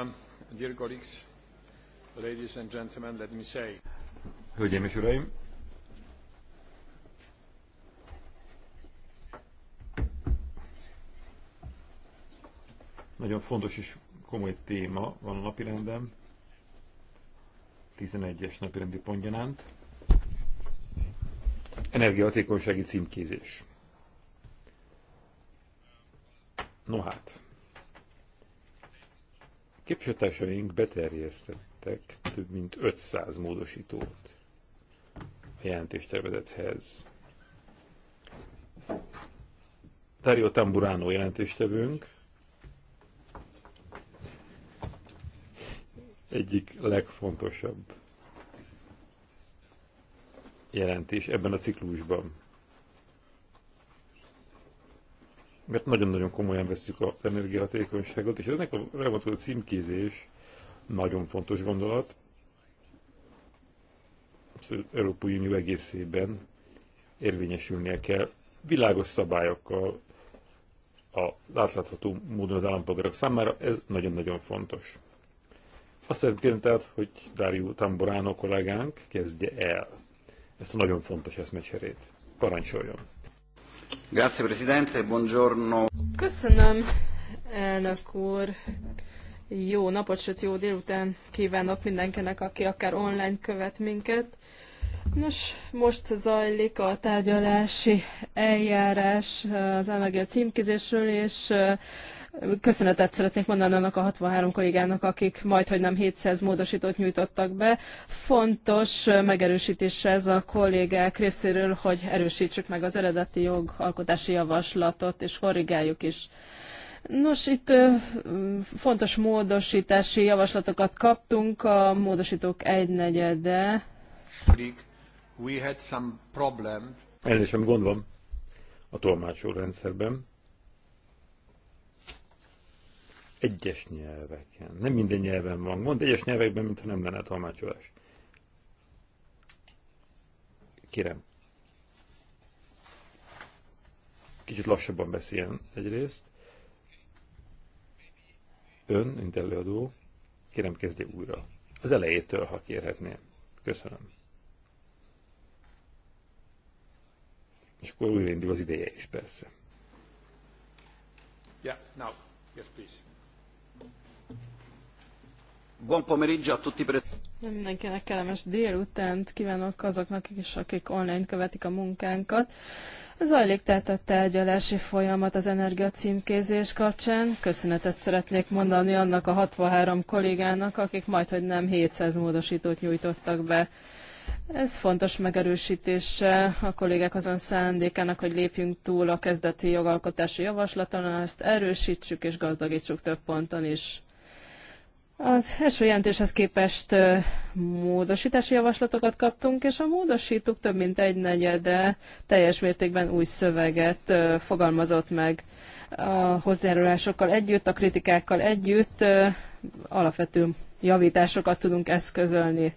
Um, Hölgyeim és uraim, nagyon fontos és komoly téma van a napirendem, 11-es napirendi pontjanánt, energiahatékonysági címkézés. No hát, Képviselőtársaink beterjesztettek több mint 500 módosítót a jelentéstervezethez. Dario Tamburano jelentéstevőnk, egyik legfontosabb jelentés ebben a ciklusban. mert nagyon-nagyon komolyan veszük az energiahatékonyságot, és ennek a legutóbbi címkézés nagyon fontos gondolat. Az Európai Unió egészében érvényesülnie kell világos szabályokkal a átlátható módon az állampolgárok számára, ez nagyon-nagyon fontos. Azt szeretném tehát, hogy Dario Tamborano kollégánk kezdje el ezt a nagyon fontos eszmecserét. Parancsoljon! Grazie Presidente, buongiorno. Köszönöm, elnök úr. Jó napot, sőt jó délután kívánok mindenkinek, aki akár online követ minket. Nos, most zajlik a tárgyalási eljárás az energia címkézésről, és köszönetet szeretnék mondani annak a 63 kollégának, akik majd, hogy nem 700 módosítót nyújtottak be. Fontos megerősítés ez a kollégák részéről, hogy erősítsük meg az eredeti jogalkotási javaslatot, és korrigáljuk is. Nos, itt fontos módosítási javaslatokat kaptunk, a módosítók egynegyede. We had some problem. Elnézést, gond van a tolmácsol rendszerben. Egyes nyelveken. Nem minden nyelven van gond, egyes nyelvekben, mintha nem lenne tolmácsolás. Kérem. Kicsit lassabban beszéljen egyrészt. Ön, mint előadó, kérem kezdje újra. Az elejétől, ha kérhetném. Köszönöm. És akkor újra indul az ideje is, persze. Yeah, now. Yes, please. Buon pomeriggio a tutti. Mindenkinek kellemes délutánt kívánok azoknak is, akik online követik a munkánkat. Zajlik tehát a tárgyalási folyamat az energia címkézés kapcsán. Köszönetet szeretnék mondani annak a 63 kollégának, akik majdhogy nem 700 módosítót nyújtottak be. Ez fontos megerősítése a kollégák azon szándékának, hogy lépjünk túl a kezdeti jogalkotási javaslaton, ezt erősítsük és gazdagítsuk több ponton is. Az első jelentéshez képest módosítási javaslatokat kaptunk, és a módosítók több mint egy negyede teljes mértékben új szöveget fogalmazott meg a hozzájárulásokkal együtt, a kritikákkal együtt, alapvető javításokat tudunk eszközölni.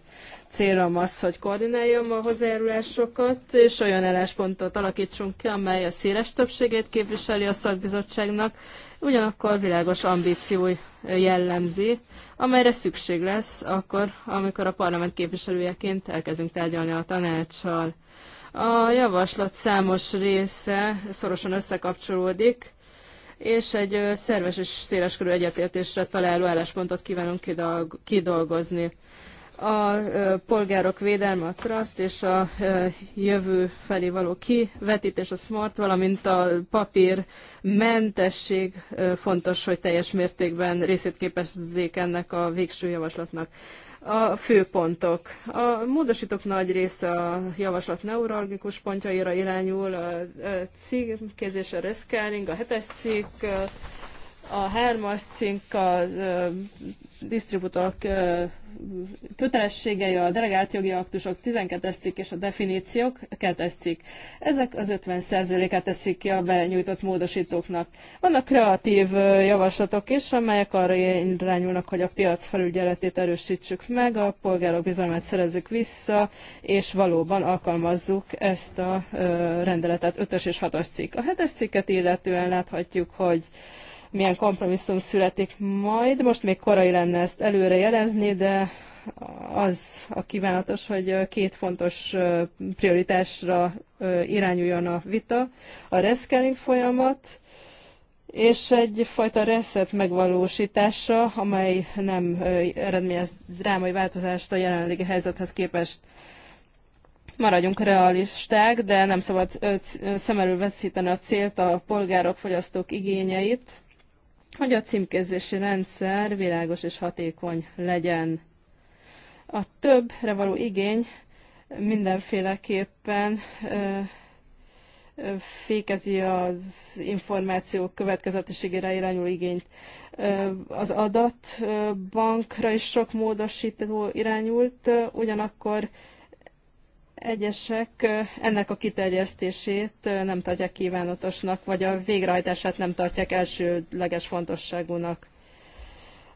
Célom az, hogy koordináljam a hozzájárulásokat, és olyan álláspontot alakítsunk ki, amely a széles többségét képviseli a szakbizottságnak, ugyanakkor világos ambíció jellemzi, amelyre szükség lesz akkor, amikor a parlament képviselőjeként elkezdünk tárgyalni a tanácssal. A javaslat számos része szorosan összekapcsolódik és egy szerves és széleskörű egyetértésre találó álláspontot kívánunk kidolgozni. A polgárok védelme, a trust és a jövő felé való kivetítés, a smart, valamint a papír mentesség fontos, hogy teljes mértékben részét képezzék ennek a végső javaslatnak a főpontok. A módosítók nagy része a javaslat neuralgikus pontjaira irányul, a címkézés, a reszkáling, a hetes cikk, a hármas cikk, a disztribútorok kötelességei, a delegált jogi aktusok, 12-es cikk és a definíciók, 2-es cikk. Ezek az 50%-át teszik ki a benyújtott módosítóknak. Vannak kreatív javaslatok is, amelyek arra irányulnak, hogy a piac felügyeletét erősítsük meg, a polgárok bizalmát szerezzük vissza, és valóban alkalmazzuk ezt a rendeletet 5-ös és 6-as cikk. A 7-es cikket illetően láthatjuk, hogy milyen kompromisszum születik majd. Most még korai lenne ezt előre jelezni, de az a kívánatos, hogy két fontos prioritásra irányuljon a vita. A reszkeling folyamat, és egyfajta reszet megvalósítása, amely nem eredményez drámai változást a jelenlegi helyzethez képest. Maradjunk realisták, de nem szabad szem elől a célt, a polgárok, fogyasztók igényeit hogy a címkézési rendszer világos és hatékony legyen. A többre való igény mindenféleképpen fékezi az információk következetességére irányuló igényt. az adatbankra is sok módosító irányult, ugyanakkor Egyesek ennek a kiterjesztését nem tartják kívánatosnak, vagy a végrehajtását nem tartják elsőleges fontosságúnak.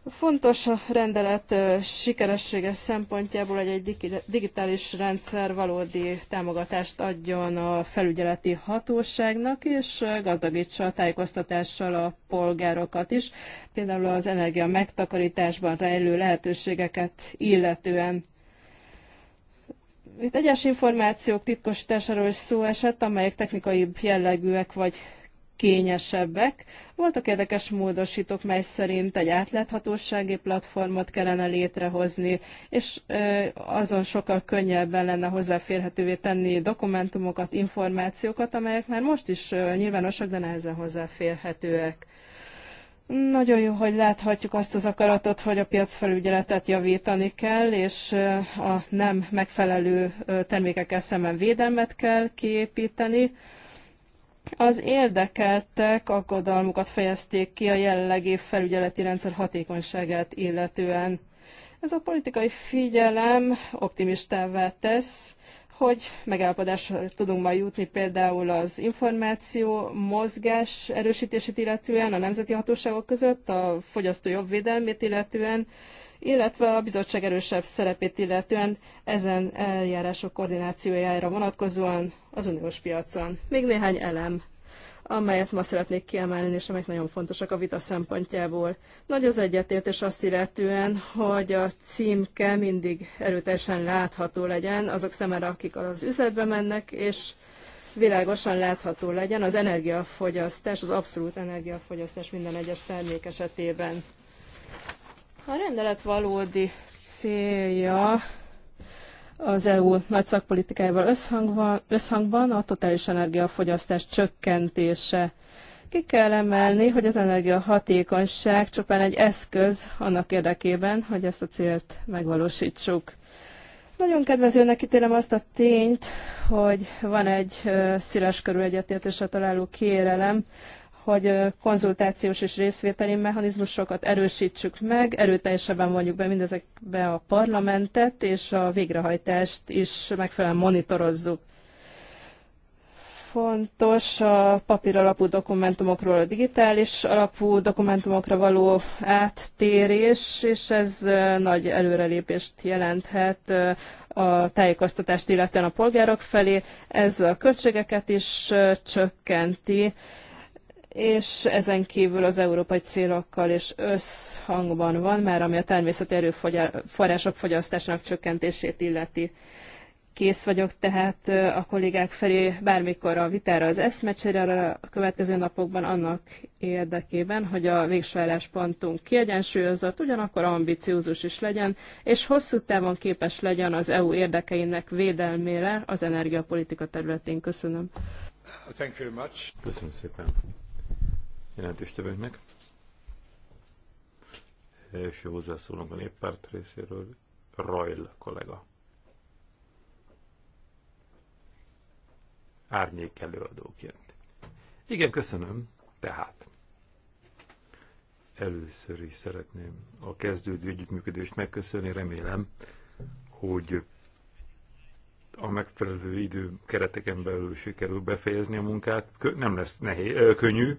Fontos a rendelet sikeressége szempontjából, hogy egy digitális rendszer valódi támogatást adjon a felügyeleti hatóságnak, és gazdagítsa a tájékoztatással a polgárokat is, például az energia megtakarításban rejlő lehetőségeket illetően. Itt egyes információk titkosításáról is szó esett, amelyek technikai jellegűek vagy kényesebbek. Voltak érdekes módosítók, mely szerint egy átláthatósági platformot kellene létrehozni, és azon sokkal könnyebben lenne hozzáférhetővé tenni dokumentumokat, információkat, amelyek már most is nyilvánosak, de nehezen hozzáférhetőek. Nagyon jó, hogy láthatjuk azt az akaratot, hogy a piacfelügyeletet javítani kell, és a nem megfelelő termékekkel szemben védelmet kell kiépíteni. Az érdekeltek aggodalmukat fejezték ki a jelenlegi felügyeleti rendszer hatékonyságát illetően. Ez a politikai figyelem optimistává tesz, hogy megállapodásra tudunk majd jutni például az információ mozgás erősítését illetően a nemzeti hatóságok között, a fogyasztó jobb védelmét illetően, illetve a bizottság erősebb szerepét illetően ezen eljárások koordinációjára vonatkozóan az uniós piacon. Még néhány elem amelyet ma szeretnék kiemelni, és amelyek nagyon fontosak a vita szempontjából. Nagy az egyetértés azt illetően, hogy a címke mindig erőteljesen látható legyen azok szemére, akik az üzletbe mennek, és világosan látható legyen az energiafogyasztás, az abszolút energiafogyasztás minden egyes termék esetében. A rendelet valódi célja az EU nagy szakpolitikájával összhangban, összhangban a totális energiafogyasztás csökkentése. Ki kell emelni, hogy az energiahatékonyság csupán egy eszköz annak érdekében, hogy ezt a célt megvalósítsuk. Nagyon kedvezőnek ítélem azt a tényt, hogy van egy körül egyetértésre találó kérelem hogy konzultációs és részvételi mechanizmusokat erősítsük meg, erőteljesebben vonjuk be mindezekbe a parlamentet, és a végrehajtást is megfelelően monitorozzuk. Fontos a papír alapú dokumentumokról a digitális alapú dokumentumokra való áttérés, és ez nagy előrelépést jelenthet a tájékoztatást illetően a polgárok felé. Ez a költségeket is csökkenti, és ezen kívül az európai célokkal és összhangban van már, ami a természeti erőforrások fogyasztásának csökkentését illeti. Kész vagyok tehát a kollégák felé bármikor a vitára, az eszmecsére a következő napokban annak érdekében, hogy a végső álláspontunk kiegyensúlyozott, ugyanakkor ambiciózus is legyen, és hosszú távon képes legyen az EU érdekeinek védelmére az energiapolitika területén. Köszönöm. Köszönöm szépen jelentéstevőnknek. Első hozzászólunk a néppárt részéről, Rajl kollega. Árnyék előadóként. Igen, köszönöm. Tehát először is szeretném a kezdődő együttműködést megköszönni. Remélem, hogy a megfelelő idő kereteken belül sikerül befejezni a munkát. Nem lesz nehéz, könnyű,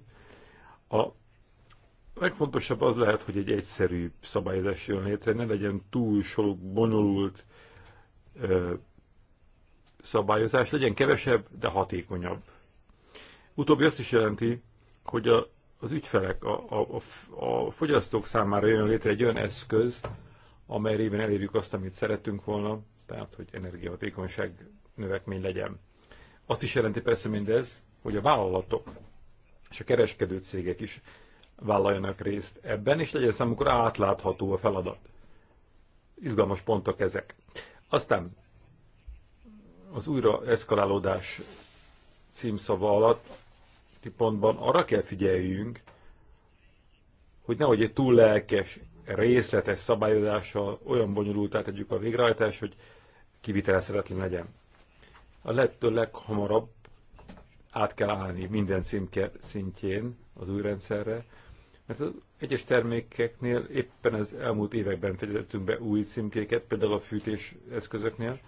a legfontosabb az lehet, hogy egy egyszerű szabályozás jön létre, ne legyen túl sok bonyolult ö, szabályozás, legyen kevesebb, de hatékonyabb. Utóbbi azt is jelenti, hogy a, az ügyfelek, a, a, a fogyasztók számára jön létre egy olyan eszköz, amely révén elérjük azt, amit szerettünk volna, tehát hogy energiahatékonyság növekmény legyen. Azt is jelenti persze mindez, hogy a vállalatok és a kereskedő cégek is vállaljanak részt ebben, és legyen számukra átlátható a feladat. Izgalmas pontok ezek. Aztán az újra eszkalálódás címszava alatt pontban arra kell figyeljünk, hogy nehogy egy túl lelkes, részletes szabályozással olyan bonyolultá tegyük a végrehajtás, hogy kivitelezhetetlen legyen. A lehető leghamarabb át kell állni minden címke szintjén az új rendszerre, mert az egyes termékeknél éppen az elmúlt években fektettünk be új címkéket, például a fűtés eszközöknél.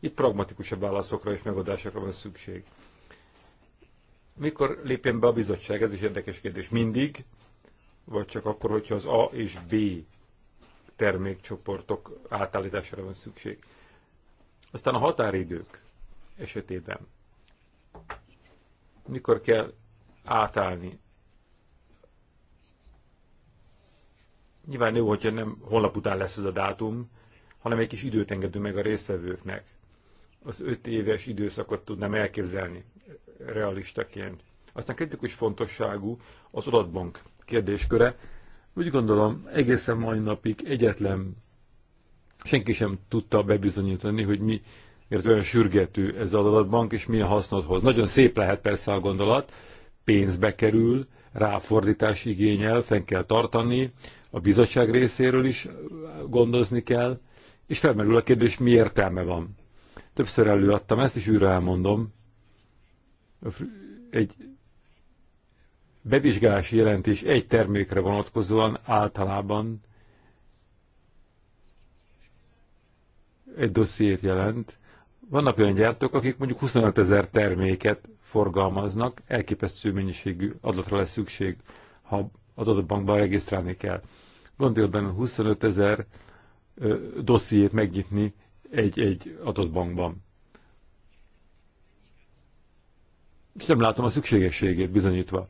Itt pragmatikusabb válaszokra és megoldásokra van szükség. Mikor lépjen be a bizottság? Ez is érdekes kérdés. Mindig, vagy csak akkor, hogyha az A és B termékcsoportok átállítására van szükség. Aztán a határidők esetében mikor kell átállni. Nyilván jó, hogyha nem holnap után lesz ez a dátum, hanem egy kis időt engedünk meg a résztvevőknek. Az öt éves időszakot tudnám elképzelni realistaként. Aztán kritikus fontosságú az adatbank kérdésköre. Úgy gondolom, egészen mai napig egyetlen senki sem tudta bebizonyítani, hogy mi miért olyan sürgető ez az adatbank, és milyen hasznot hoz. Nagyon szép lehet persze a gondolat, pénzbe kerül, ráfordítás igényel, fenn kell tartani, a bizottság részéről is gondozni kell, és felmerül a kérdés, mi értelme van. Többször előadtam ezt, és újra elmondom. Egy bevizsgálási jelentés egy termékre vonatkozóan általában egy dossziét jelent, vannak olyan gyártók, akik mondjuk 25 ezer terméket forgalmaznak, elképesztő mennyiségű adatra lesz szükség, ha az adatbankba regisztrálni kell. Gondolj benne 25 ezer dossziét megnyitni egy-egy adatbankban. És nem látom a szükségességét bizonyítva.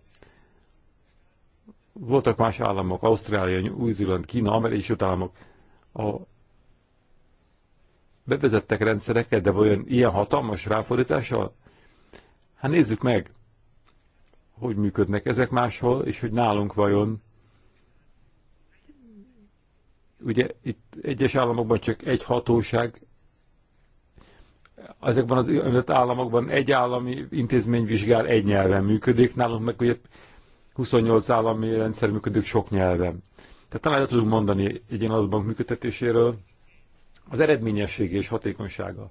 Voltak más államok, Ausztrália, Új-Zéland, Kína, amerikai államok, a bevezettek rendszereket, de olyan ilyen hatalmas ráfordítással? Hát nézzük meg, hogy működnek ezek máshol, és hogy nálunk vajon. Ugye itt egyes államokban csak egy hatóság, ezekben az öt államokban egy állami intézmény vizsgál egy nyelven működik, nálunk meg ugye 28 állami rendszer működik sok nyelven. Tehát talán el tudunk mondani egy ilyen adatbank működtetéséről, az eredményessége és hatékonysága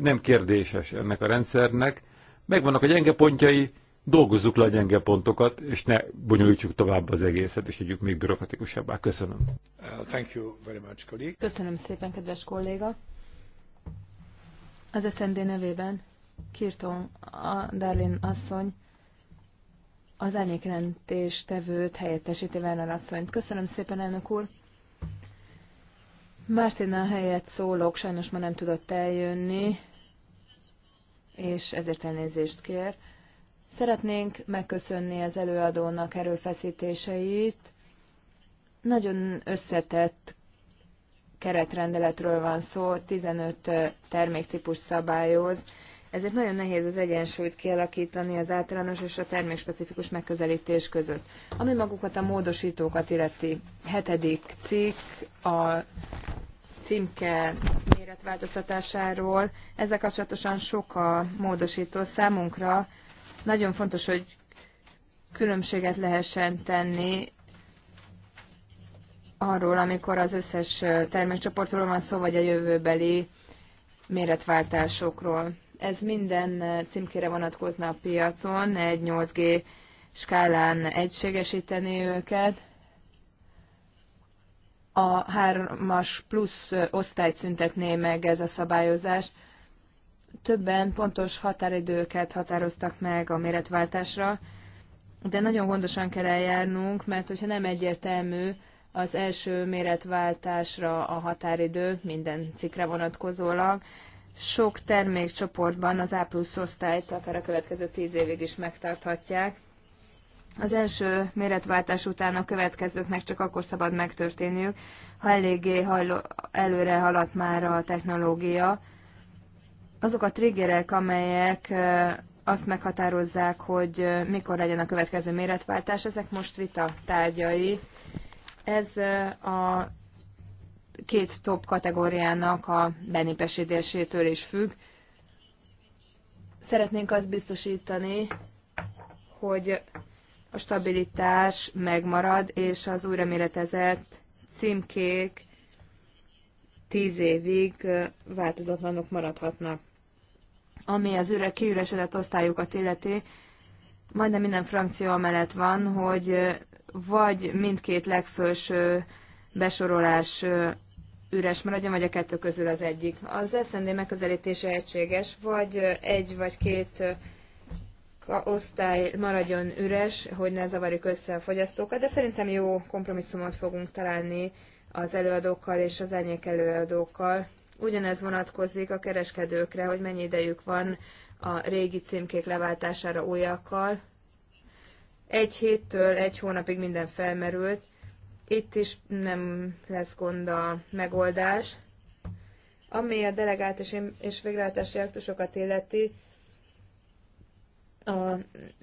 nem kérdéses ennek a rendszernek. Megvannak a gyenge pontjai, dolgozzuk le a gyenge pontokat, és ne bonyolítsuk tovább az egészet, és együk még bürokratikusabbá. Köszönöm. Uh, thank you very much, colleague. Köszönöm szépen, kedves kolléga. Az SND nevében Kirton a Darlin asszony az árnyékjelentés tevőt helyettesíti Werner asszonyt. Köszönöm szépen, elnök úr. Martina helyett szólok, sajnos ma nem tudott eljönni, és ezért elnézést kér. Szeretnénk megköszönni az előadónak erőfeszítéseit. Nagyon összetett keretrendeletről van szó, 15 terméktípus szabályoz, ezért nagyon nehéz az egyensúlyt kialakítani az általános és a termékspecifikus megközelítés között. Ami magukat a módosítókat illeti, hetedik cikk a címke méretváltoztatásáról. Ezzel kapcsolatosan sok a módosító számunkra. Nagyon fontos, hogy különbséget lehessen tenni arról, amikor az összes termékcsoportról van szó, vagy a jövőbeli méretváltásokról. Ez minden címkére vonatkozna a piacon, egy 8G skálán egységesíteni őket. A 3-as plusz osztályt szüntetné meg ez a szabályozás. Többen pontos határidőket határoztak meg a méretváltásra, de nagyon gondosan kell eljárnunk, mert hogyha nem egyértelmű az első méretváltásra a határidő minden cikre vonatkozólag, sok termékcsoportban az A plusz osztályt akár a következő tíz évig is megtarthatják. Az első méretváltás után a következőknek csak akkor szabad megtörténniük, ha eléggé hajló, előre haladt már a technológia. Azok a triggerek, amelyek azt meghatározzák, hogy mikor legyen a következő méretváltás, ezek most vita tárgyai. Ez a két top kategóriának a benépesítésétől is függ. Szeretnénk azt biztosítani, hogy a stabilitás megmarad, és az újra méretezett címkék tíz évig változatlanok maradhatnak. Ami az üre kiüresedett osztályokat illeti, majdnem minden frankció amellett van, hogy vagy mindkét legfőső besorolás üres maradjon, vagy a kettő közül az egyik. Az SZND megközelítése egységes, vagy egy vagy két osztály maradjon üres, hogy ne zavarjuk össze a fogyasztókat, de szerintem jó kompromisszumot fogunk találni az előadókkal és az elnyék előadókkal. Ugyanez vonatkozik a kereskedőkre, hogy mennyi idejük van a régi címkék leváltására újakkal. Egy héttől egy hónapig minden felmerült, itt is nem lesz gond a megoldás. Ami a delegált és, és végrehajtási aktusokat illeti, a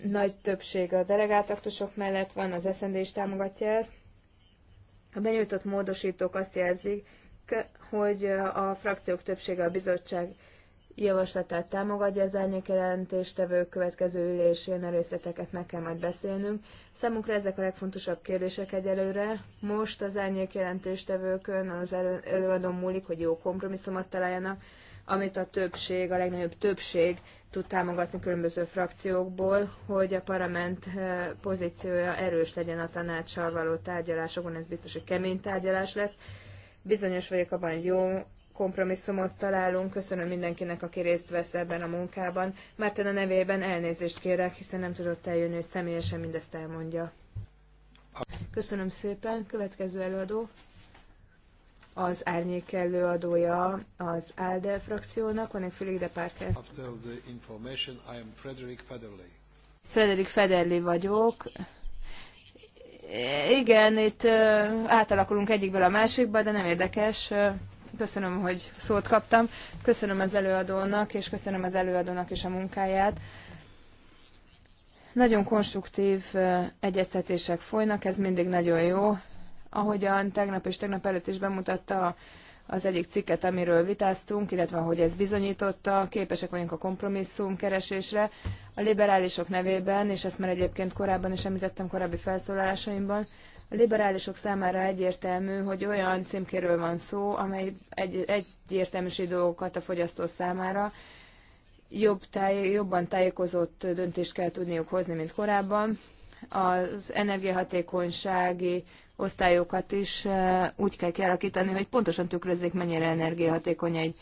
nagy többség a delegált aktusok mellett van, az SZND is támogatja ezt. A benyújtott módosítók azt jelzik, hogy a frakciók többsége a bizottság javaslatát támogatja az árnyék jelentéstevő következő ülésén, a részleteket meg kell majd beszélnünk. Számunkra ezek a legfontosabb kérdések egyelőre. Most az árnyék jelentéstevőkön az elő, előadó múlik, hogy jó kompromisszumot találjanak, amit a többség, a legnagyobb többség tud támogatni különböző frakciókból, hogy a parlament eh, pozíciója erős legyen a tanácssal való tárgyalásokon, ez biztos, hogy kemény tárgyalás lesz. Bizonyos vagyok abban, hogy jó kompromisszumot találunk. Köszönöm mindenkinek, aki részt vesz ebben a munkában. Márten a nevében elnézést kérek, hiszen nem tudott eljönni, hogy személyesen mindezt elmondja. Köszönöm szépen. Következő előadó az árnyék előadója az ALDE frakciónak, van egy Félig de Parker. After the information, I am Frederick Federley. Frederick Federley vagyok. Igen, itt átalakulunk egyikből a másikba, de nem érdekes. Köszönöm, hogy szót kaptam. Köszönöm az előadónak, és köszönöm az előadónak is a munkáját. Nagyon konstruktív egyeztetések folynak, ez mindig nagyon jó. Ahogyan tegnap és tegnap előtt is bemutatta az egyik cikket, amiről vitáztunk, illetve hogy ez bizonyította, képesek vagyunk a kompromisszum keresésre. A liberálisok nevében, és ezt már egyébként korábban is említettem korábbi felszólalásaimban, a liberálisok számára egyértelmű, hogy olyan címkéről van szó, amely egy, egyértelműsít dolgokat a fogyasztó számára, jobb táj, jobban tájékozott döntést kell tudniuk hozni, mint korábban. Az energiahatékonysági osztályokat is eh, úgy kell kialakítani, hogy pontosan tükrözzék, mennyire energiahatékony egy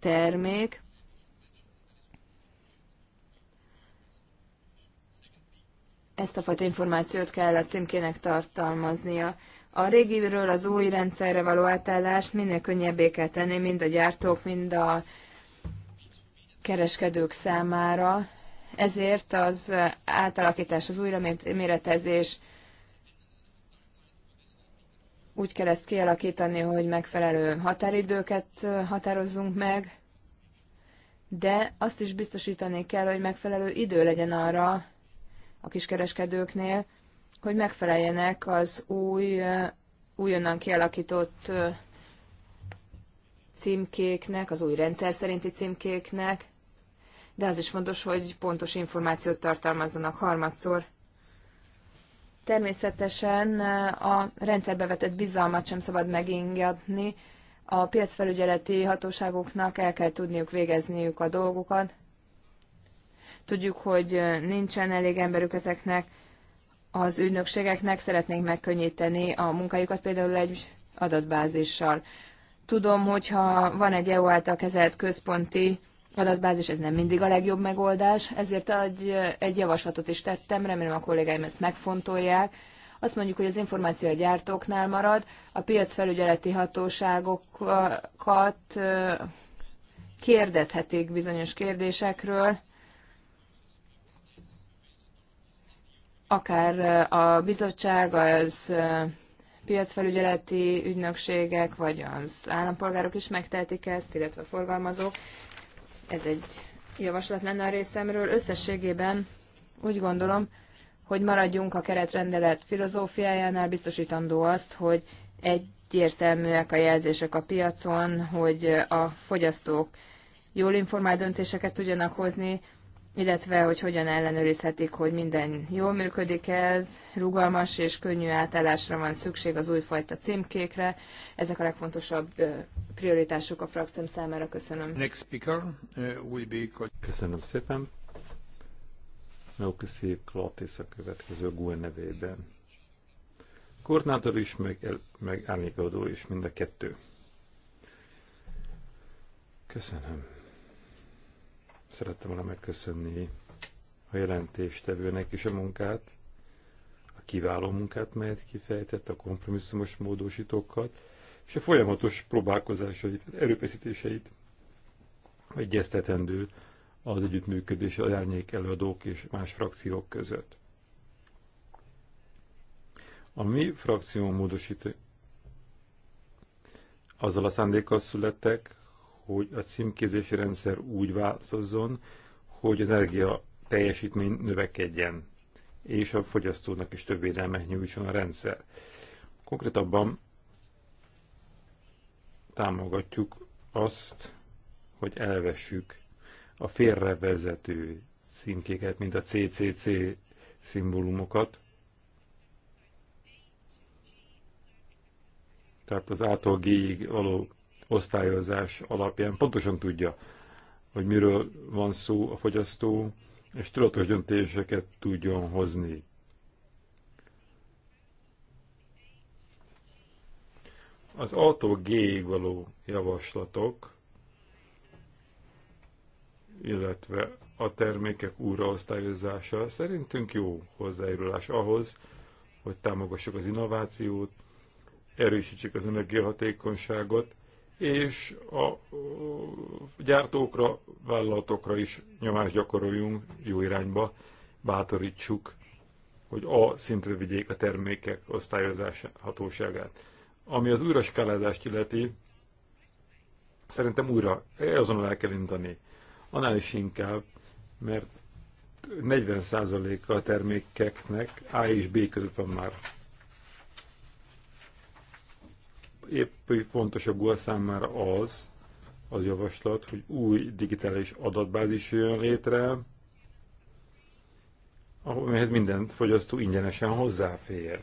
termék. ezt a fajta információt kell a címkének tartalmaznia. A régiről az új rendszerre való átállást minél könnyebbé kell tenni, mind a gyártók, mind a kereskedők számára. Ezért az átalakítás, az újra méretezés úgy kell ezt kialakítani, hogy megfelelő határidőket határozzunk meg, de azt is biztosítani kell, hogy megfelelő idő legyen arra, a kiskereskedőknél, hogy megfeleljenek az új, újonnan kialakított címkéknek, az új rendszer szerinti címkéknek, de az is fontos, hogy pontos információt tartalmazzanak harmadszor. Természetesen a rendszerbe vetett bizalmat sem szabad megingatni, a piacfelügyeleti hatóságoknak el kell tudniuk végezniük a dolgukat, Tudjuk, hogy nincsen elég emberük ezeknek az ügynökségeknek, szeretnénk megkönnyíteni a munkájukat például egy adatbázissal. Tudom, hogyha van egy EU által kezelt központi adatbázis, ez nem mindig a legjobb megoldás, ezért egy, egy javaslatot is tettem, remélem a kollégáim ezt megfontolják. Azt mondjuk, hogy az információ a gyártóknál marad, a piacfelügyeleti hatóságokat kérdezhetik bizonyos kérdésekről, akár a bizottság, az piacfelügyeleti ügynökségek, vagy az állampolgárok is megtehetik ezt, illetve a forgalmazók. Ez egy javaslat lenne a részemről. Összességében úgy gondolom, hogy maradjunk a keretrendelet filozófiájánál, biztosítandó azt, hogy egyértelműek a jelzések a piacon, hogy a fogyasztók jól informált döntéseket tudjanak hozni, illetve hogy hogyan ellenőrizhetik, hogy minden jól működik ez, rugalmas és könnyű átállásra van szükség az újfajta címkékre. Ezek a legfontosabb prioritások a frakcióm számára. Köszönöm. Next speaker will be... Köszönöm szépen. Melkuszi Klatis a következő GUE nevében. Koordinátor is, meg, meg is, mind a kettő. Köszönöm. Szerettem volna megköszönni a jelentéstevőnek is a munkát, a kiváló munkát, melyet kifejtett, a kompromisszumos módosítókat, és a folyamatos próbálkozásait, erőfeszítéseit egyeztetendő az együttműködés a árnyék előadók és más frakciók között. A mi frakció módosító azzal a szándékkal születtek, hogy a címkézési rendszer úgy változzon, hogy az energia teljesítmény növekedjen, és a fogyasztónak is több védelmet nyújtson a rendszer. Konkrétabban támogatjuk azt, hogy elvessük a félrevezető címkéket, mint a CCC szimbólumokat. Tehát az a g való osztályozás alapján pontosan tudja, hogy miről van szó a fogyasztó, és tudatos döntéseket tudjon hozni. Az autó g való javaslatok, illetve a termékek újraosztályozása szerintünk jó hozzájárulás ahhoz, hogy támogassuk az innovációt, erősítsük az energiahatékonyságot, és a gyártókra, vállalatokra is nyomást gyakoroljunk jó irányba, bátorítsuk, hogy a szintre vigyék a termékek osztályozás hatóságát. Ami az skálázást illeti, szerintem újra azonnal el kell indani. Annál is inkább, mert 40%-a a termékeknek A és B között van már épp hogy fontos a GUA számára az, az javaslat, hogy új digitális adatbázis jön létre, amihez minden fogyasztó ingyenesen hozzáfér.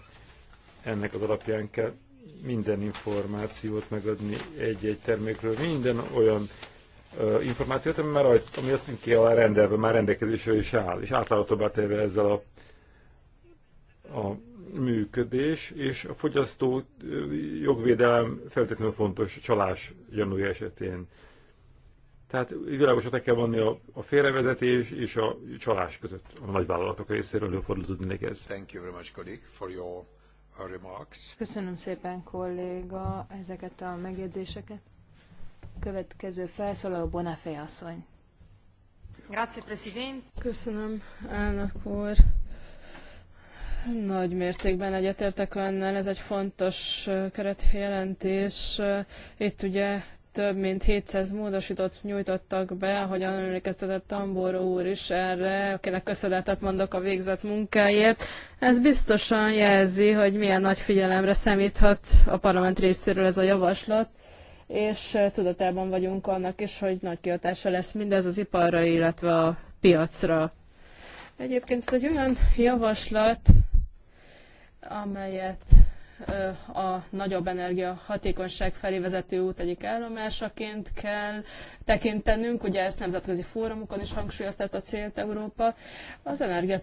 Ennek az alapján kell minden információt megadni egy-egy termékről, minden olyan ö, információt, ami már ami azt ki a rendelve, már rendelkezésre is áll, és átláthatóbbá téve ezzel a, a működés, és a fogyasztó jogvédelem feltétlenül fontos csalás gyanúja esetén. Tehát világosan te kell vanni a, a félrevezetés és a csalás között a nagyvállalatok részéről előfordul tudni ez. Thank you very much, colleague, for your uh, remarks. Köszönöm szépen, kolléga, ezeket a megjegyzéseket. Következő felszólaló Bonafé asszony. Grazie, Köszönöm, elnök úr. Nagy mértékben egyetértek önnel, ez egy fontos keretjelentés. Itt ugye több mint 700 módosított nyújtottak be, ahogyan emlékeztetett Tambor úr is erre, akinek köszönetet mondok a végzett munkáért. Ez biztosan jelzi, hogy milyen nagy figyelemre számíthat a parlament részéről ez a javaslat, és tudatában vagyunk annak is, hogy nagy kihatása lesz mindez az iparra, illetve a piacra. Egyébként ez egy olyan javaslat, amelyet a nagyobb energia hatékonyság felé vezető út egyik állomásaként kell tekintenünk. Ugye ezt nemzetközi fórumokon is hangsúlyozta a célt Európa. Az energia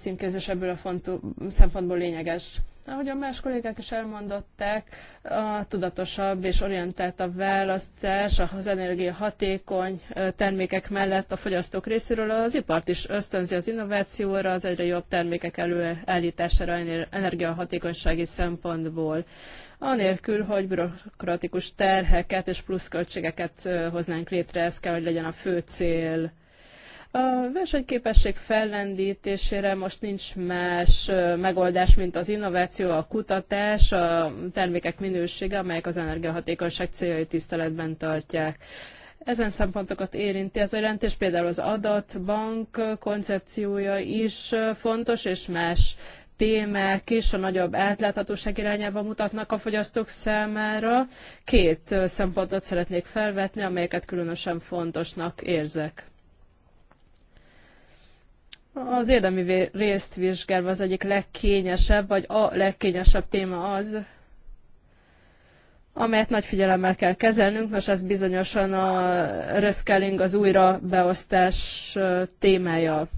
ebből a fontu, szempontból lényeges. Ahogy a más kollégák is elmondották, a tudatosabb és orientáltabb választás az energiahatékony termékek mellett a fogyasztók részéről az ipart is ösztönzi az innovációra, az egyre jobb termékek előállítására energiahatékonysági szempontból anélkül, hogy bürokratikus terheket és pluszköltségeket hoznánk létre, ez kell, hogy legyen a fő cél. A versenyképesség fellendítésére most nincs más megoldás, mint az innováció, a kutatás, a termékek minősége, amelyek az energiahatékonyság céljait tiszteletben tartják. Ezen szempontokat érinti ez a jelentés, például az adatbank koncepciója is fontos, és más témák is a nagyobb átláthatóság irányába mutatnak a fogyasztók számára. Két szempontot szeretnék felvetni, amelyeket különösen fontosnak érzek. Az érdemi részt vizsgálva az egyik legkényesebb, vagy a legkényesebb téma az, amelyet nagy figyelemmel kell kezelnünk. Most ez bizonyosan a reszkeling, az újrabeosztás témája.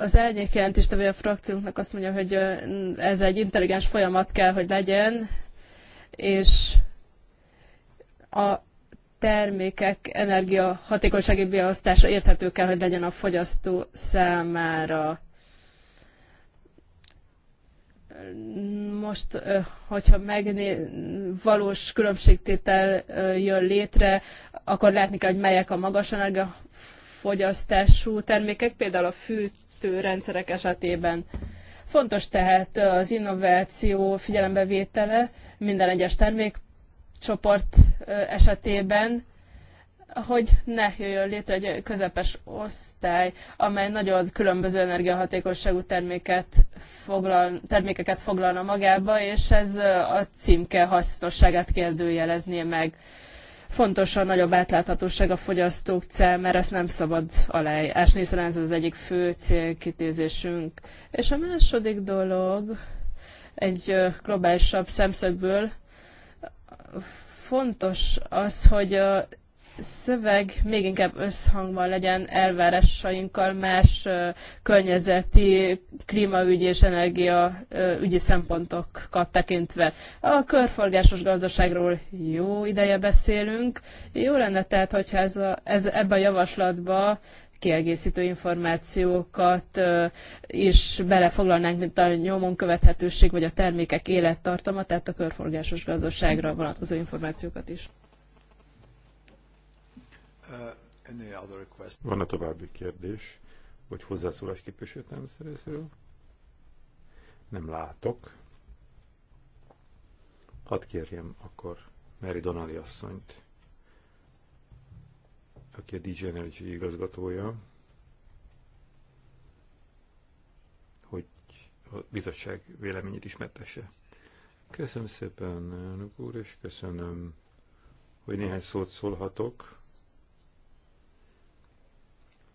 Az elnyék vagy a frakciónknak azt mondja, hogy ez egy intelligens folyamat kell, hogy legyen, és a termékek energia beosztása érthető kell, hogy legyen a fogyasztó számára. Most, hogyha megné valós különbségtétel jön létre, akkor látni kell, hogy melyek a magas energiafogyasztású termékek, például a fűtőrendszerek esetében. Fontos tehát az innováció figyelembevétele minden egyes termék csoport esetében, hogy ne jöjjön létre egy közepes osztály, amely nagyon különböző energiahatékonyságú terméket foglal, termékeket foglalna magába, és ez a címke hasznosságát kérdőjelezné meg. Fontos a nagyobb átláthatóság a fogyasztók cél, mert ezt nem szabad aláásni, hiszen ez az egyik fő célkitézésünk. És a második dolog egy globálisabb szemszögből fontos az, hogy a szöveg még inkább összhangban legyen elvárásainkkal más környezeti, klímaügyi és energiaügyi szempontokat tekintve. A körforgásos gazdaságról jó ideje beszélünk. Jó lenne tehát, hogyha ez, a, ez ebbe a javaslatba kiegészítő információkat is belefoglalnánk, mint a nyomon követhetőség vagy a termékek élettartama, tehát a körforgásos gazdaságra vonatkozó információkat is. Uh, Van a további kérdés, vagy hozzászólás képviselőtem részéről? Nem látok. Hadd kérjem akkor Mary Donnelly asszonyt aki a DJ Energy igazgatója, hogy a bizottság véleményét ismertesse. Köszönöm szépen, elnök úr, és köszönöm, hogy néhány szót szólhatok.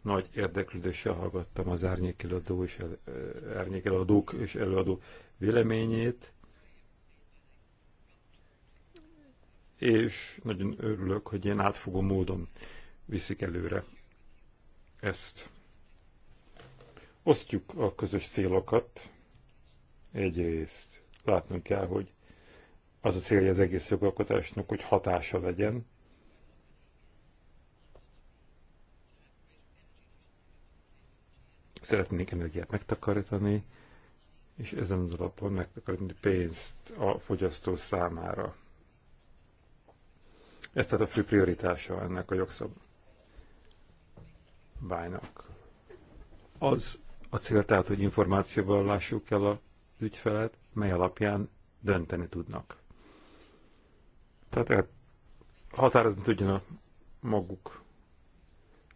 Nagy érdeklődéssel hallgattam az árnyékeladó és el, árnyékeladók és előadó véleményét, és nagyon örülök, hogy ilyen átfogó módon viszik előre ezt. Osztjuk a közös célokat. Egyrészt látnunk kell, hogy az a célja az egész jogalkotásnak, hogy hatása legyen. Szeretnénk energiát megtakarítani, és ezen az alapon megtakarítani pénzt a fogyasztó számára. Ez tehát a fő prioritása ennek a jogszabálynak bájnak. Az a cél tehát, hogy információval lássuk el az ügyfelet, mely alapján dönteni tudnak. Tehát határozni tudjanak maguk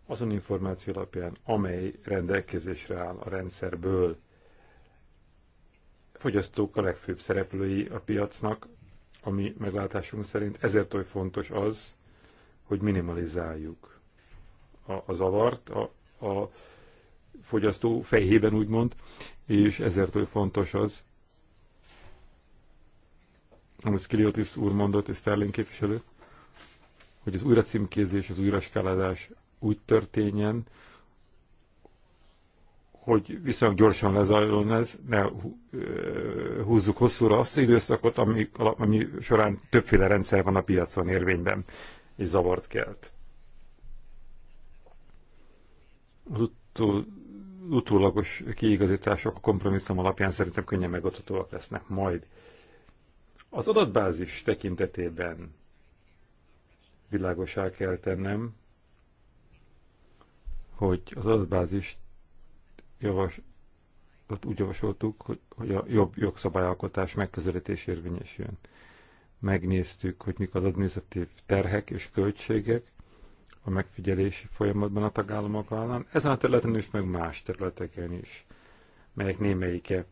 azon információ alapján, amely rendelkezésre áll a rendszerből. Fogyasztók a legfőbb szereplői a piacnak, ami meglátásunk szerint ezért oly fontos az, hogy minimalizáljuk a, a zavart a, a fogyasztó fejében, úgymond, és ezért hogy fontos az, amit Skiliotis úr mondott, és Sterling képviselő, hogy az újracímkézés, az újraskálázás úgy történjen, hogy viszonylag gyorsan lezajlon ez, ne húzzuk hosszúra azt az időszakot, ami, ami során többféle rendszer van a piacon érvényben, és zavart kelt. Az utó, utólagos kiigazítások a kompromisszum alapján szerintem könnyen megadhatóak lesznek majd. Az adatbázis tekintetében világosá kell tennem, hogy az adatbázis javas, úgy javasoltuk, hogy, hogy a jobb jogszabályalkotás megközelítés érvényesüljön. Megnéztük, hogy mik az adminisztratív terhek és költségek, a megfigyelési folyamatban a tagállamok állam, ezen a területen is, meg más területeken is, melyek némelyike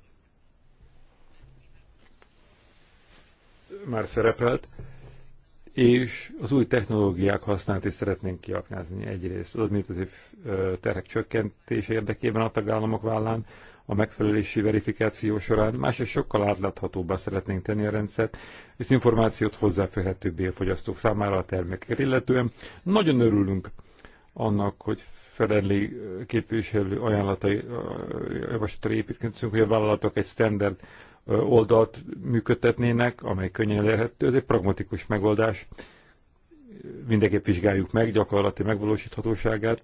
már szerepelt, és az új technológiák használt is szeretnénk kiaknázni egyrészt az adminisztratív terhek csökkentése érdekében a tagállamok vállán, a megfelelési verifikáció során, más és sokkal átláthatóbbá szeretnénk tenni a rendszert, és információt hozzáférhetőbbé a fogyasztók számára a termékeket illetően. Nagyon örülünk annak, hogy Federli képviselő ajánlatai javaslatra építkezünk, hogy a vállalatok egy standard oldalt működtetnének, amely könnyen elérhető, ez egy pragmatikus megoldás. Mindenképp vizsgáljuk meg gyakorlati megvalósíthatóságát,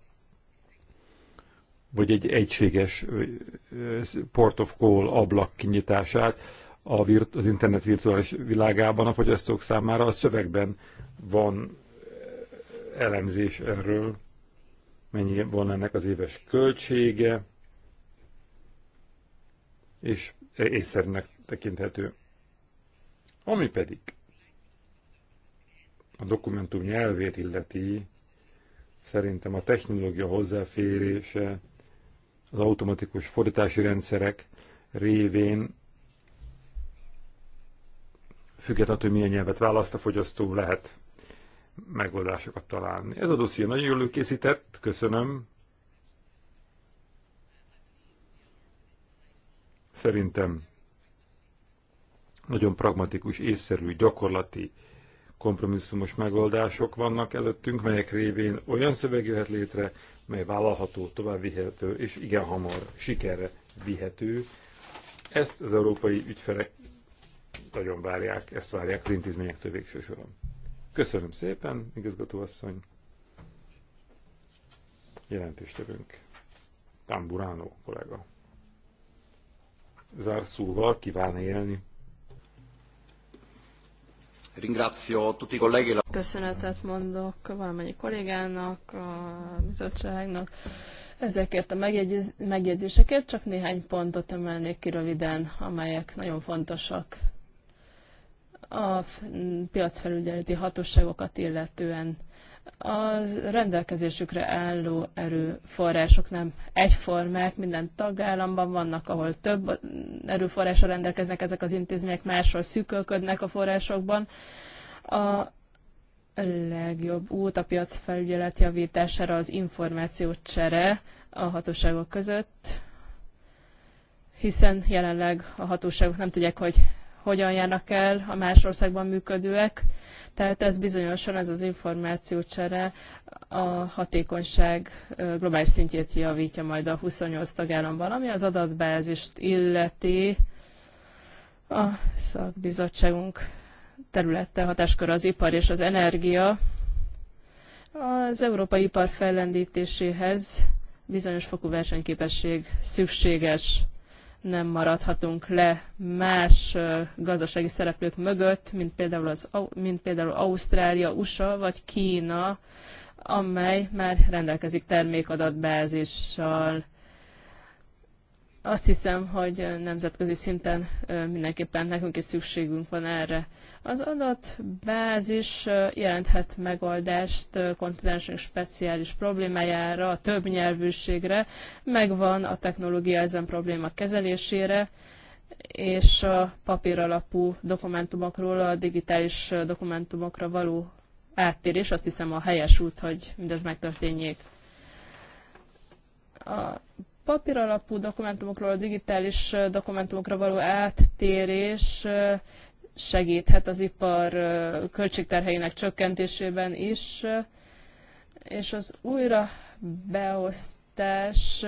vagy egy egységes port of call ablak kinyitását az internet virtuális világában a fogyasztók számára. A szövegben van elemzés erről, mennyi van ennek az éves költsége, és e, észszerűnek tekinthető. Ami pedig a dokumentum nyelvét illeti, szerintem a technológia hozzáférése az automatikus fordítási rendszerek révén függetlenül, hogy milyen nyelvet választ a fogyasztó, lehet megoldásokat találni. Ez a dosszié nagyon jól készített, köszönöm. Szerintem nagyon pragmatikus, észszerű, gyakorlati kompromisszumos megoldások vannak előttünk, melyek révén olyan szöveg jöhet létre, mely vállalható, tovább vihető, és igen hamar sikerre vihető. Ezt az európai ügyfelek nagyon várják, ezt várják az intézményektől végső soron. Köszönöm szépen, igazgatóasszony. Jelentéstevünk. Tamburano kollega. Zárszóval kíván élni. E Köszönetet mondok valamennyi kollégának, a bizottságnak. Ezekért a megjegyzésekért csak néhány pontot emelnék ki röviden, amelyek nagyon fontosak a piacfelügyeleti hatóságokat illetően a rendelkezésükre álló erőforrások nem egyformák, minden tagállamban vannak, ahol több erőforrásra rendelkeznek ezek az intézmények, máshol szűkölködnek a forrásokban. A legjobb út a piac felügyelet javítására az csere a hatóságok között, hiszen jelenleg a hatóságok nem tudják, hogy hogyan járnak el a más országban működőek, tehát ez bizonyosan ez az információcsere a hatékonyság globális szintjét javítja majd a 28 tagállamban, ami az adatbázist illeti a szakbizottságunk területe hatáskör az ipar és az energia. Az európai ipar fellendítéséhez bizonyos fokú versenyképesség szükséges nem maradhatunk le más gazdasági szereplők mögött, mint például, az, mint például Ausztrália, USA vagy Kína, amely már rendelkezik termékadatbázissal azt hiszem, hogy nemzetközi szinten mindenképpen nekünk is szükségünk van erre. Az adatbázis jelenthet megoldást kontinensünk speciális problémájára, a többnyelvűségre, megvan a technológia ezen probléma kezelésére, és a papíralapú dokumentumokról a digitális dokumentumokra való áttérés, azt hiszem a helyes út, hogy mindez megtörténjék. A papíralapú dokumentumokról a digitális dokumentumokra való áttérés segíthet az ipar költségterheinek csökkentésében is, és az újra beosztás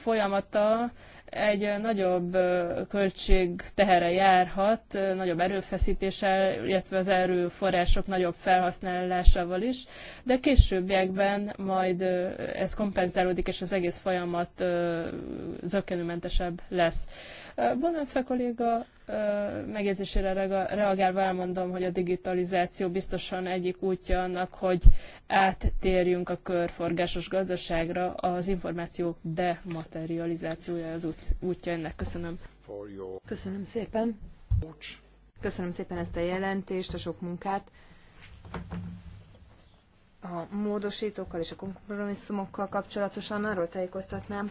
folyamata egy nagyobb költség tehere járhat, nagyobb erőfeszítéssel, illetve az erőforrások nagyobb felhasználásával is, de későbbiekben majd ez kompenzálódik, és az egész folyamat zökkenőmentesebb lesz. Bonanfe kolléga megjegyzésére reagálva elmondom, hogy a digitalizáció biztosan egyik útja annak, hogy áttérjünk a körforgásos gazdaságra, az információ dematerializációja az út, útja ennek. Köszönöm. Köszönöm szépen. Köszönöm szépen ezt a jelentést, a sok munkát. A módosítókkal és a kompromisszumokkal kapcsolatosan arról tájékoztatnám,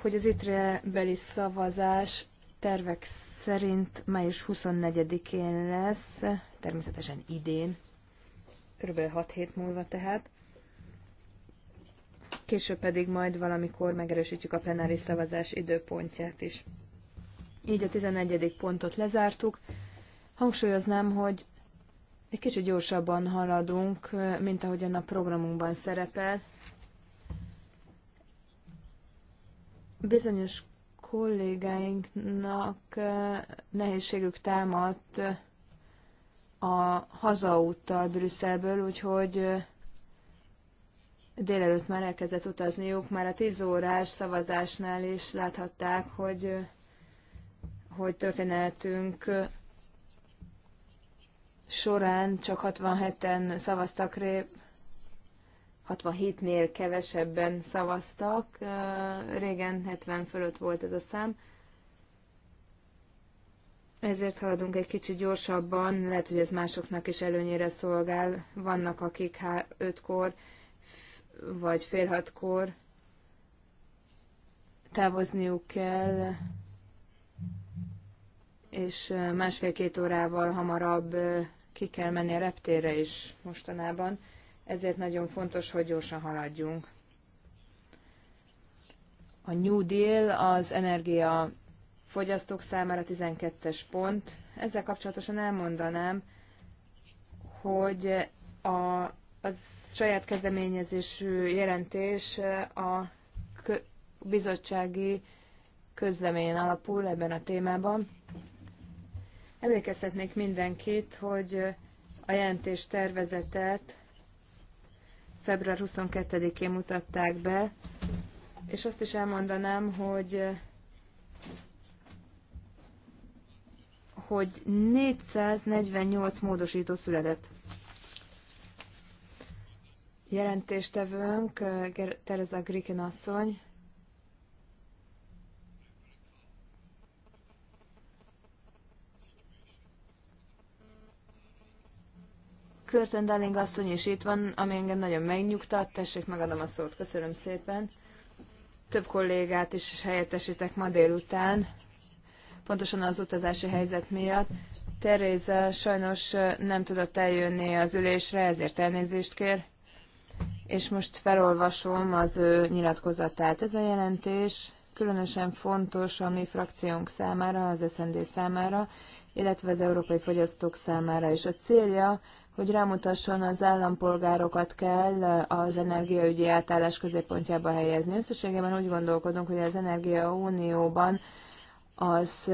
hogy az itt beli szavazás tervek szerint május 24-én lesz, természetesen idén, kb. 6 hét múlva tehát. Később pedig majd valamikor megerősítjük a plenáris szavazás időpontját is. Így a 11. pontot lezártuk. Hangsúlyoznám, hogy egy kicsit gyorsabban haladunk, mint ahogyan a programunkban szerepel. Bizonyos kollégáinknak eh, nehézségük támadt eh, a hazaúttal Brüsszelből, úgyhogy eh, délelőtt már elkezdett utazniuk, már a 10 órás szavazásnál is láthatták, hogy, hogy történetünk során csak 67-en szavaztak 67-nél kevesebben szavaztak, régen 70 fölött volt ez a szám. Ezért haladunk egy kicsit gyorsabban, lehet, hogy ez másoknak is előnyére szolgál. Vannak, akik 5-kor vagy fél hatkor távozniuk kell, és másfél-két órával hamarabb ki kell menni a reptérre is mostanában ezért nagyon fontos, hogy gyorsan haladjunk. A New Deal az energia fogyasztók számára 12-es pont. Ezzel kapcsolatosan elmondanám, hogy a, a saját kezdeményezésű jelentés a kö, bizottsági közleményen alapul ebben a témában. Emlékeztetnék mindenkit, hogy a jelentés tervezetet február 22-én mutatták be, és azt is elmondanám, hogy hogy 448 módosító született. Jelentéstevőnk Tereza Griken asszony Körtön Darling asszony is itt van, ami engem nagyon megnyugtat. Tessék, megadom a szót. Köszönöm szépen. Több kollégát is helyettesítek ma délután, pontosan az utazási helyzet miatt. Teréza sajnos nem tudott eljönni az ülésre, ezért elnézést kér. És most felolvasom az ő nyilatkozatát. Ez a jelentés különösen fontos a mi frakciónk számára, az SND számára, illetve az európai fogyasztók számára is. A célja hogy rámutasson az állampolgárokat kell az energiaügyi átállás középpontjába helyezni. Összességében úgy gondolkodunk, hogy az Energia Unióban az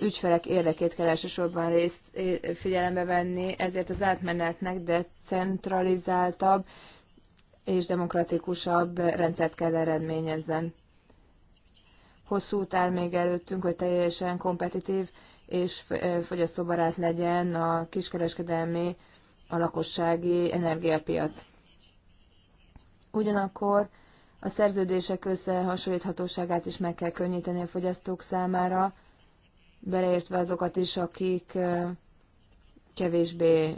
ügyfelek érdekét kell elsősorban részt figyelembe venni, ezért az átmenetnek decentralizáltabb és demokratikusabb rendszert kell eredményezzen. Hosszú út még előttünk, hogy teljesen kompetitív és fogyasztóbarát legyen a kiskereskedelmi, a lakossági energiapiac. Ugyanakkor a szerződések összehasonlíthatóságát is meg kell könnyíteni a fogyasztók számára, beleértve azokat is, akik kevésbé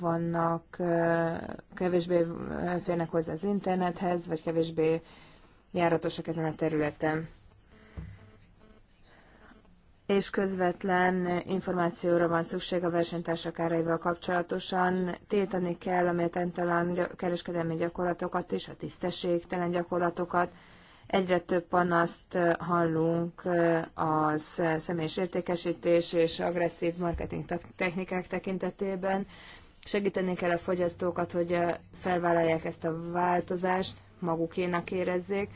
vannak, kevésbé férnek hozzá az internethez, vagy kevésbé járatosak ezen a területen és közvetlen információra van szükség a versenytársak áraival kapcsolatosan. Tiltani kell a mértentelen kereskedelmi gyakorlatokat és a tisztességtelen gyakorlatokat. Egyre több panaszt hallunk az személyes értékesítés és agresszív marketing technikák tekintetében. Segíteni kell a fogyasztókat, hogy felvállalják ezt a változást, magukénak érezzék,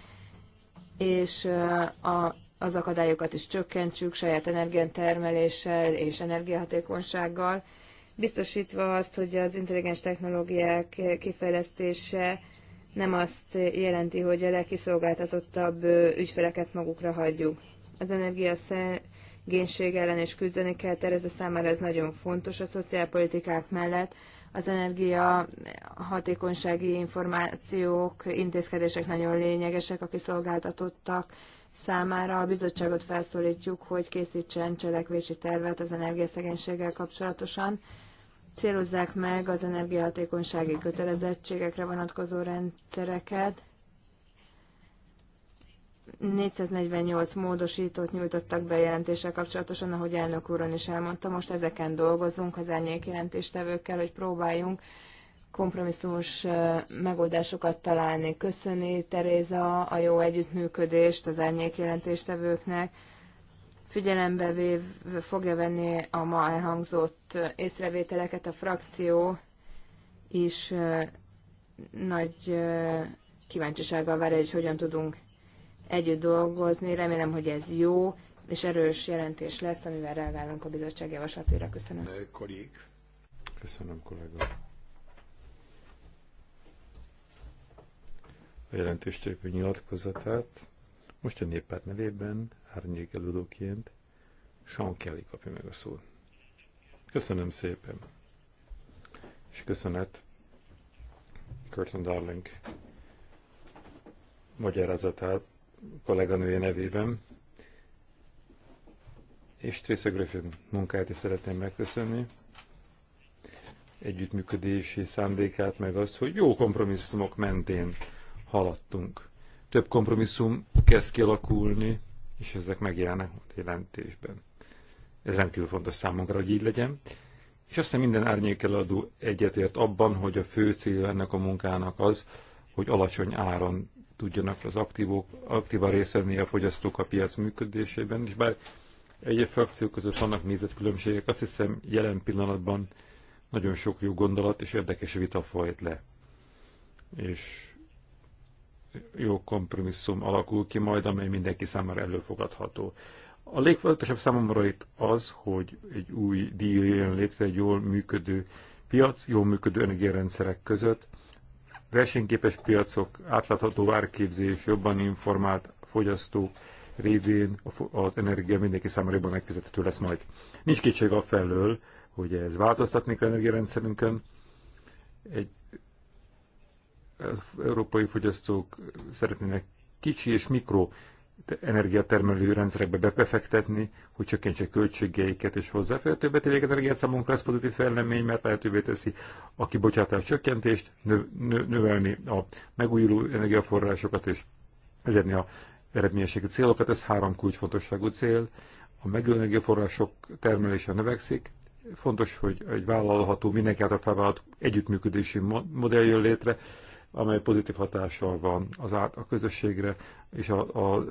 és a az akadályokat is csökkentsük saját energiatermeléssel és energiahatékonysággal, biztosítva azt, hogy az intelligens technológiák kifejlesztése nem azt jelenti, hogy a legkiszolgáltatottabb ügyfeleket magukra hagyjuk. Az energiaszegénység ellen is küzdeni kell, Tervezze számára ez nagyon fontos a szociálpolitikák mellett. Az energia hatékonysági információk, intézkedések nagyon lényegesek a kiszolgáltatottak számára a bizottságot felszólítjuk, hogy készítsen cselekvési tervet az energiaszegénységgel kapcsolatosan. Célozzák meg az energiahatékonysági kötelezettségekre vonatkozó rendszereket. 448 módosítót nyújtottak be jelentéssel kapcsolatosan, ahogy elnök úron is elmondta. Most ezeken dolgozunk az elnyék jelentéstevőkkel, hogy próbáljunk kompromisszumos megoldásokat találni. Köszöni Teréza a jó együttműködést az árnyék jelentéstevőknek. Figyelembe véve fogja venni a ma elhangzott észrevételeket a frakció, is nagy kíváncsisággal várja, hogy hogyan tudunk együtt dolgozni. Remélem, hogy ez jó és erős jelentés lesz, amivel reagálunk a bizottság javaslatára. Köszönöm. Kollég. Köszönöm, kollega. a jelentéstevő nyilatkozatát. Most a néppárt nevében, árnyék előadóként Sean Kelly kapja meg a szót. Köszönöm szépen. És köszönet Curtin Darling magyarázatát kolléganője nevében. És Tracy Griffin munkáját is szeretném megköszönni. Együttműködési szándékát, meg azt, hogy jó kompromisszumok mentén haladtunk. Több kompromisszum kezd kialakulni, és ezek megjelennek a jelentésben. Ez rendkívül fontos számunkra, hogy így legyen. És aztán minden adó egyetért abban, hogy a fő célja ennek a munkának az, hogy alacsony áron tudjanak az aktívok, aktíva részvenni a fogyasztók a piac működésében, és bár egy frakció között vannak nézetkülönbségek, azt hiszem jelen pillanatban nagyon sok jó gondolat és érdekes vita folyt le. És jó kompromisszum alakul ki majd, amely mindenki számára előfogadható. A legfontosabb számomra itt az, hogy egy új díj jön létre, egy jól működő piac, jól működő energiarendszerek között, versenyképes piacok, átlátható árképzés, jobban informált fogyasztók révén az energia mindenki számára jobban megfizethető lesz majd. Nincs kétség a felől, hogy ez változtatni kell energiarendszerünkön, egy az európai fogyasztók szeretnének kicsi és mikro energiatermelő rendszerekbe befektetni, hogy csökkentse költségeiket és hozzáférhetőbbé tegyék az energiát számunkra, ez pozitív fejlemény, mert lehetővé teszi a kibocsátás csökkentést, nö, nö, növelni a megújuló energiaforrásokat és elérni a eredményességi célokat. Ez három kulcsfontosságú cél. A megújuló energiaforrások termelése növekszik, fontos, hogy egy vállalható, mindenki által felvállalt együttműködési modell jön létre, amely pozitív hatással van az át, a közösségre és a, a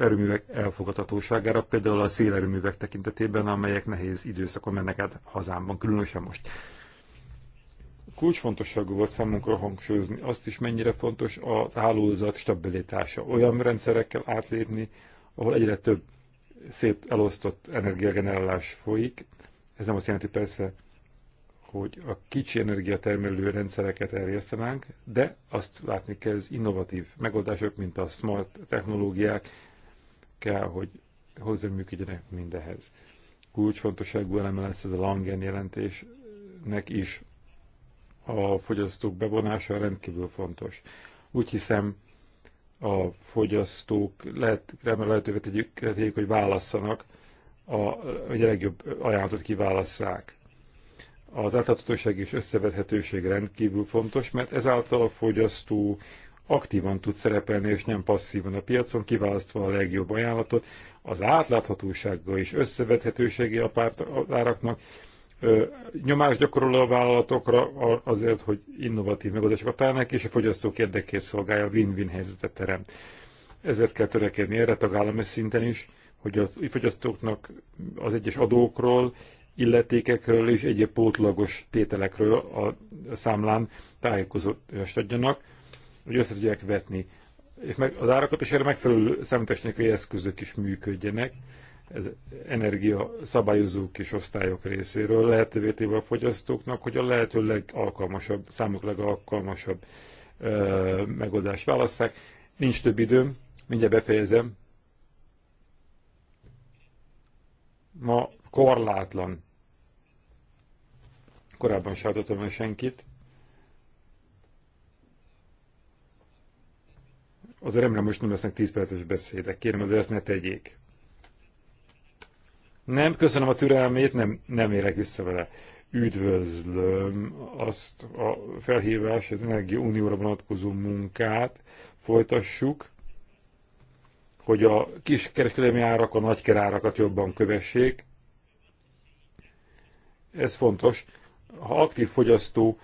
erőművek elfogadhatóságára, például a szélerőművek tekintetében, amelyek nehéz időszakon mennek át hazámban, különösen most. Kulcsfontosságú volt számunkra hangsúlyozni azt is, mennyire fontos a hálózat stabilitása. Olyan rendszerekkel átlépni, ahol egyre több szép elosztott energiagenerálás folyik. Ez nem azt jelenti persze, hogy a kicsi energiatermelő rendszereket erjesztenánk, de azt látni kell, az innovatív megoldások, mint a smart technológiák kell, hogy hozzáműködjenek mindehez. Kulcsfontosságú eleme lesz ez a Langen jelentésnek is. A fogyasztók bevonása rendkívül fontos. Úgy hiszem, a fogyasztók lehet, remélem lehetővé tegyük, hogy válasszanak, a, hogy a legjobb ajánlatot kiválasszák az átláthatóság és összevethetőség rendkívül fontos, mert ezáltal a fogyasztó aktívan tud szerepelni, és nem passzívan a piacon, kiválasztva a legjobb ajánlatot. Az átláthatósága és összevethetősége a pártáraknak nyomást gyakorol a vállalatokra azért, hogy innovatív megoldásokat találnak, és a fogyasztók érdekét szolgálja, win-win helyzetet terem. Ezért kell törekedni erre tagállami szinten is, hogy az fogyasztóknak az egyes adókról illetékekről és egyéb pótlagos tételekről a számlán tájékozódást adjanak, hogy össze tudják vetni. És meg az árakat és erre megfelelő számítástechnikai eszközök is működjenek, ez energia szabályozók és osztályok részéről lehetővé téve a fogyasztóknak, hogy a lehető legalkalmasabb, számuk legalkalmasabb ö, megoldást válasszák. Nincs több időm, mindjárt befejezem. Ma korlátlan korábban se adottam el senkit. Az remélem most nem lesznek 10 perces beszédek. Kérem, az ezt ne tegyék. Nem, köszönöm a türelmét, nem, nem élek vissza vele. Üdvözlöm azt a felhívás, az Energia Unióra vonatkozó munkát. Folytassuk, hogy a kis kereskedelmi árak a nagy árakat jobban kövessék. Ez fontos, ha aktív fogyasztó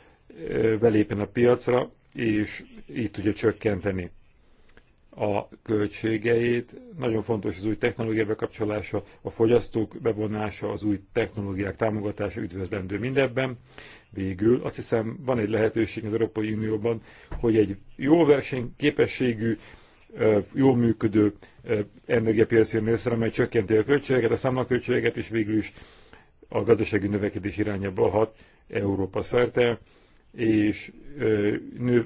belépjen a piacra, és így tudja csökkenteni a költségeit. Nagyon fontos az új technológia bekapcsolása, a fogyasztók bevonása, az új technológiák támogatása üdvözlendő mindebben. Végül azt hiszem van egy lehetőség az Európai Unióban, hogy egy jó versenyképességű, jó működő energiapiaci jön amely csökkenti a költségeket, a számlaköltségeket, és végül is a gazdasági növekedés irányába hat, Európa szerte, és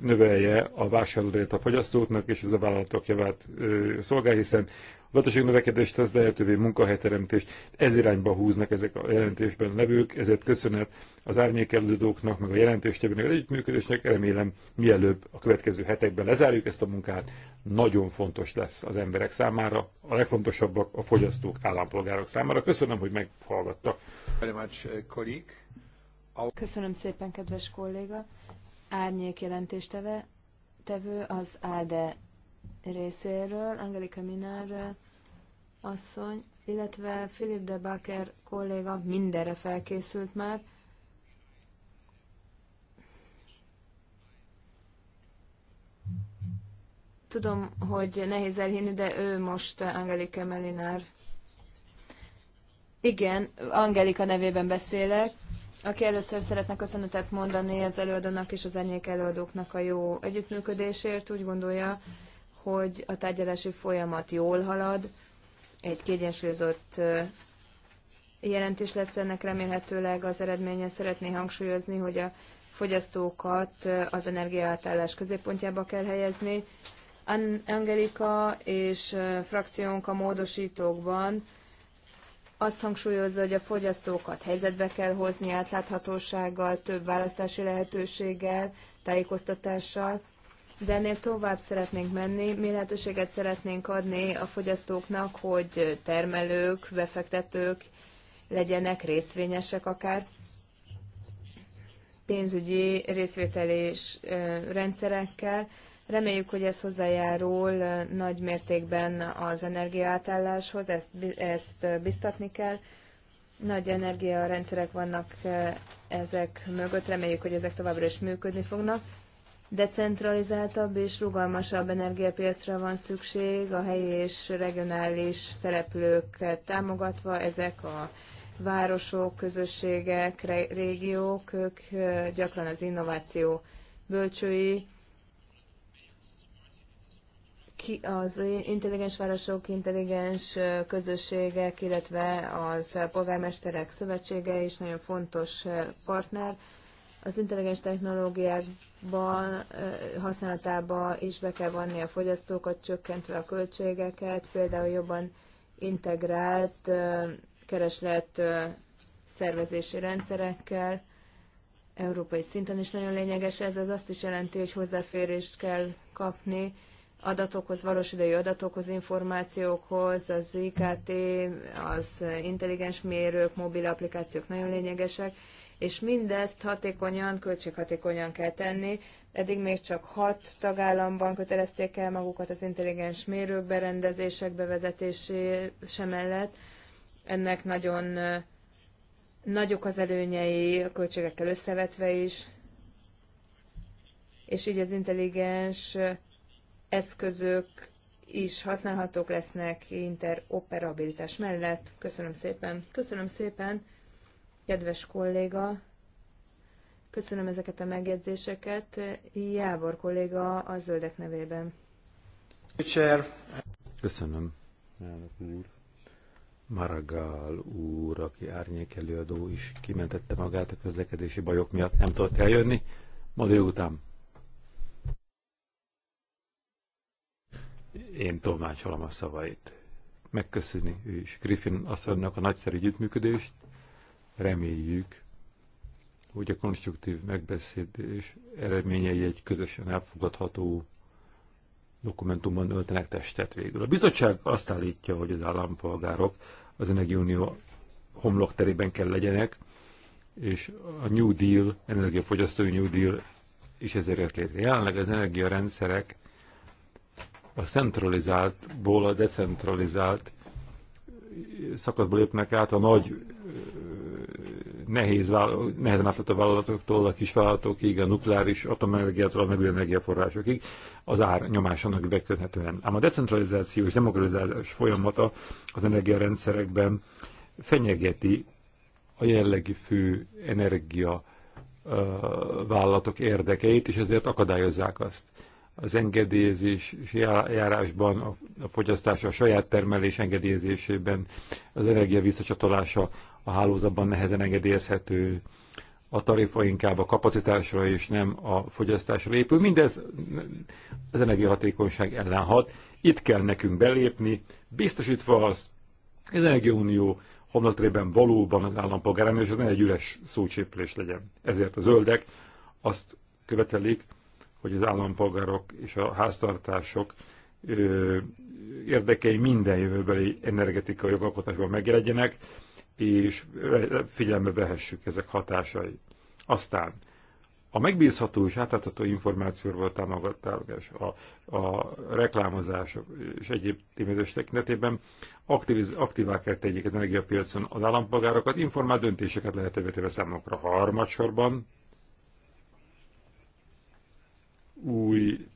növelje a vásárlóját a fogyasztóknak, és ez a vállalatok javát szolgál, hiszen a gazdaság növekedést tesz lehetővé munkahelyteremtést, ez irányba húznak ezek a jelentésben levők, ezért köszönet az árnyékelődőknek, meg a jelentéstevőnek, az együttműködésnek, remélem mielőbb a következő hetekben lezárjuk ezt a munkát, nagyon fontos lesz az emberek számára, a legfontosabbak a fogyasztók, állampolgárok számára. Köszönöm, hogy meghallgattak. Very much, eh, colleague. Köszönöm szépen, kedves kolléga. Árnyék jelentésteve tevő az Ade részéről, Angelika Minár asszony, illetve Philip de Baker kolléga mindenre felkészült már. Tudom, hogy nehéz elhinni, de ő most Angelika Melinár. Igen, Angelika nevében beszélek aki először szeretne köszönetet mondani az előadónak és az enyék előadóknak a jó együttműködésért. Úgy gondolja, hogy a tárgyalási folyamat jól halad, egy kiegyensúlyozott jelentés lesz ennek remélhetőleg az eredménye. Szeretné hangsúlyozni, hogy a fogyasztókat az energiaátállás középpontjába kell helyezni. Angelika és frakciónk a módosítókban azt hangsúlyozza, hogy a fogyasztókat helyzetbe kell hozni átláthatósággal, több választási lehetőséggel, tájékoztatással, de ennél tovább szeretnénk menni. Mi lehetőséget szeretnénk adni a fogyasztóknak, hogy termelők, befektetők legyenek részvényesek akár pénzügyi részvételés eh, rendszerekkel, Reméljük, hogy ez hozzájárul nagy mértékben az energiaátálláshoz, ezt, ezt biztatni kell. Nagy energiarendszerek vannak ezek mögött, reméljük, hogy ezek továbbra is működni fognak. Decentralizáltabb és rugalmasabb energiapiacra van szükség, a helyi és regionális szereplőket támogatva, ezek a városok, közösségek, régiók, ők gyakran az innováció bölcsői, az intelligens városok, intelligens közösségek, illetve a polgármesterek szövetsége is nagyon fontos partner. Az intelligens technológiákban használatába is be kell vanni a fogyasztókat, csökkentve a költségeket, például jobban integrált kereslet szervezési rendszerekkel. Európai szinten is nagyon lényeges ez, az azt is jelenti, hogy hozzáférést kell kapni adatokhoz, valós idejű adatokhoz, információkhoz, az IKT, az intelligens mérők, mobil applikációk nagyon lényegesek, és mindezt hatékonyan, költséghatékonyan kell tenni. Eddig még csak hat tagállamban kötelezték el magukat az intelligens mérők berendezések bevezetése mellett. Ennek nagyon nagyok az előnyei, a költségekkel összevetve is, és így az intelligens eszközök is használhatók lesznek interoperabilitás mellett. Köszönöm szépen. Köszönöm szépen, kedves kolléga. Köszönöm ezeket a megjegyzéseket. Jábor kolléga a zöldek nevében. Köszönöm, elnök úr. Maragál úr, aki árnyék előadó is kimentette magát a közlekedési bajok miatt, nem tudott eljönni. Ma délután én tolmácsolom a szavait. Megköszöni ő is Griffin asszonynak a nagyszerű együttműködést. Reméljük, hogy a konstruktív megbeszédés eredményei egy közösen elfogadható dokumentumban öltenek testet végül. A bizottság azt állítja, hogy az állampolgárok az Energiunió homlokterében kell legyenek, és a New Deal, energiafogyasztói New Deal is ezért jött létre. Jelenleg az energiarendszerek a centralizáltból a decentralizált szakaszba lépnek át a nagy nehéz, nehezen a vállalatoktól a kis vállalatokig, a nukleáris atomenergiától a megújuló energiaforrásokig az ár nyomásának beköthetően. Ám a decentralizáció és demokratizálás folyamata az energiarendszerekben fenyegeti a jellegi fő energia vállalatok érdekeit, és ezért akadályozzák azt az engedélyezés járásban, a fogyasztása, a saját termelés engedélyezésében, az energia visszacsatolása a hálózatban nehezen engedélyezhető, a tarifa inkább a kapacitásra és nem a fogyasztásra épül. Mindez az energiahatékonyság ellen hat. Itt kell nekünk belépni, biztosítva azt, az Energiaunió homlokterében valóban az állampolgár és az ne egy üres szócséplés legyen. Ezért a zöldek azt követelik, hogy az állampolgárok és a háztartások érdekei minden jövőbeli energetikai jogalkotásban megjelenjenek, és figyelembe vehessük ezek hatásai. Aztán a megbízható és átlátható információval támogatás, a, a reklámozás és egyéb tévedés tekintetében aktiviz, aktivá kell tegyék az energiapiacon az állampolgárokat, informált döntéseket lehetővé téve számokra harmadsorban, új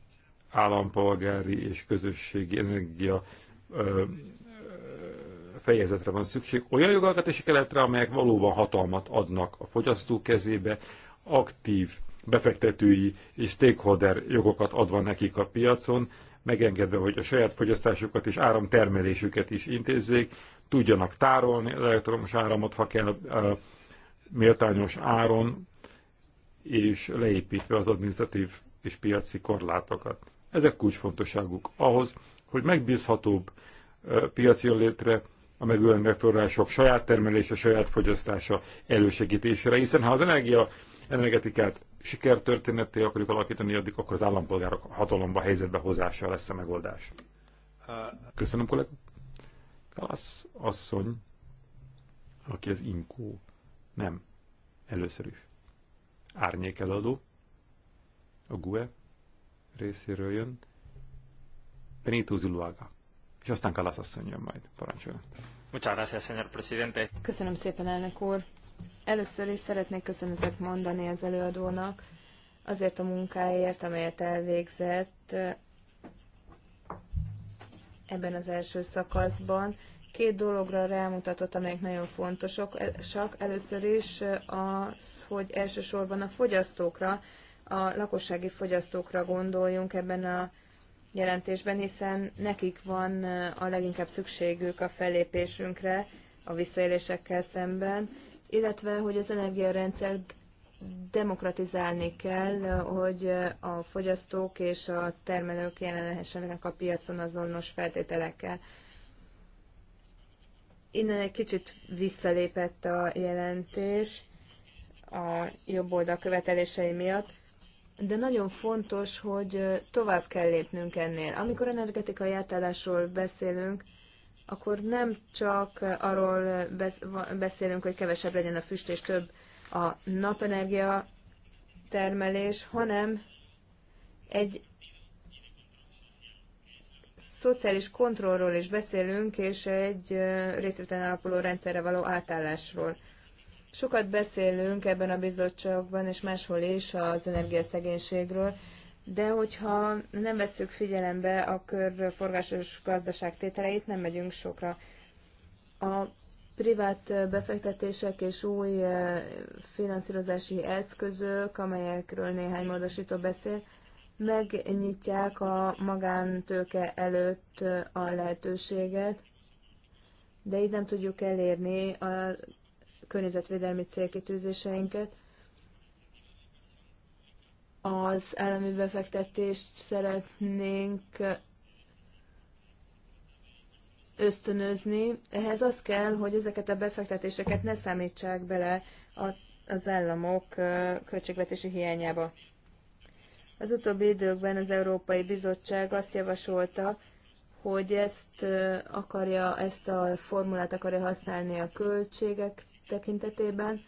állampolgári és közösségi energia ö, fejezetre van szükség. Olyan jogalkatási keletre, amelyek valóban hatalmat adnak a fogyasztó kezébe, aktív befektetői és stakeholder jogokat adva nekik a piacon, megengedve, hogy a saját fogyasztásukat és áramtermelésüket is intézzék, tudjanak tárolni elektromos áramot, ha kell, méltányos áron, és leépítve az administratív és piaci korlátokat. Ezek kulcsfontosságuk ahhoz, hogy megbízhatóbb piac jön létre a megújuló megforrások saját termelése, saját fogyasztása elősegítésére, hiszen ha az energia energetikát sikertörténetté akarjuk alakítani, addig akkor az állampolgárok hatalomba, helyzetbe hozása lesz a megoldás. Köszönöm, kollega. Kalasz asszony, aki az inkó. Nem. Először is. Árnyék eladó a GUE részéről jön, Benito Zuluaga. És aztán Kalasz asszony jön majd, parancsoljon. Köszönöm szépen, elnök úr. Először is szeretnék köszönetet mondani az előadónak azért a munkáért, amelyet elvégzett ebben az első szakaszban. Két dologra rámutatott, amelyek nagyon fontosak. Először is az, hogy elsősorban a fogyasztókra, a lakossági fogyasztókra gondoljunk ebben a jelentésben, hiszen nekik van eh, a leginkább szükségük a fellépésünkre a visszaélésekkel szemben, illetve hogy az energiarendszer demokratizálni kell, hogy a fogyasztók és a termelők jelen lehessenek a piacon azonos feltételekkel. Innen egy kicsit visszalépett a jelentés a jobb oldal követelései miatt de nagyon fontos, hogy tovább kell lépnünk ennél. Amikor energetikai átállásról beszélünk, akkor nem csak arról beszélünk, hogy kevesebb legyen a füst és több a napenergia termelés, hanem egy szociális kontrollról is beszélünk, és egy részvételen alapuló rendszerre való átállásról. Sokat beszélünk ebben a bizottságban és máshol is az energiaszegénységről, de hogyha nem vesszük figyelembe a körforgásos gazdaság tételeit, nem megyünk sokra. A privát befektetések és új eh, finanszírozási eszközök, amelyekről néhány módosító beszél, megnyitják a magántőke előtt eh, a lehetőséget, de így nem tudjuk elérni a környezetvédelmi célkitűzéseinket. Az elemi befektetést szeretnénk ösztönözni. Ehhez az kell, hogy ezeket a befektetéseket ne számítsák bele az államok költségvetési hiányába. Az utóbbi időkben az Európai Bizottság azt javasolta, hogy ezt akarja, ezt a formulát akarja használni a költségek tekintetében,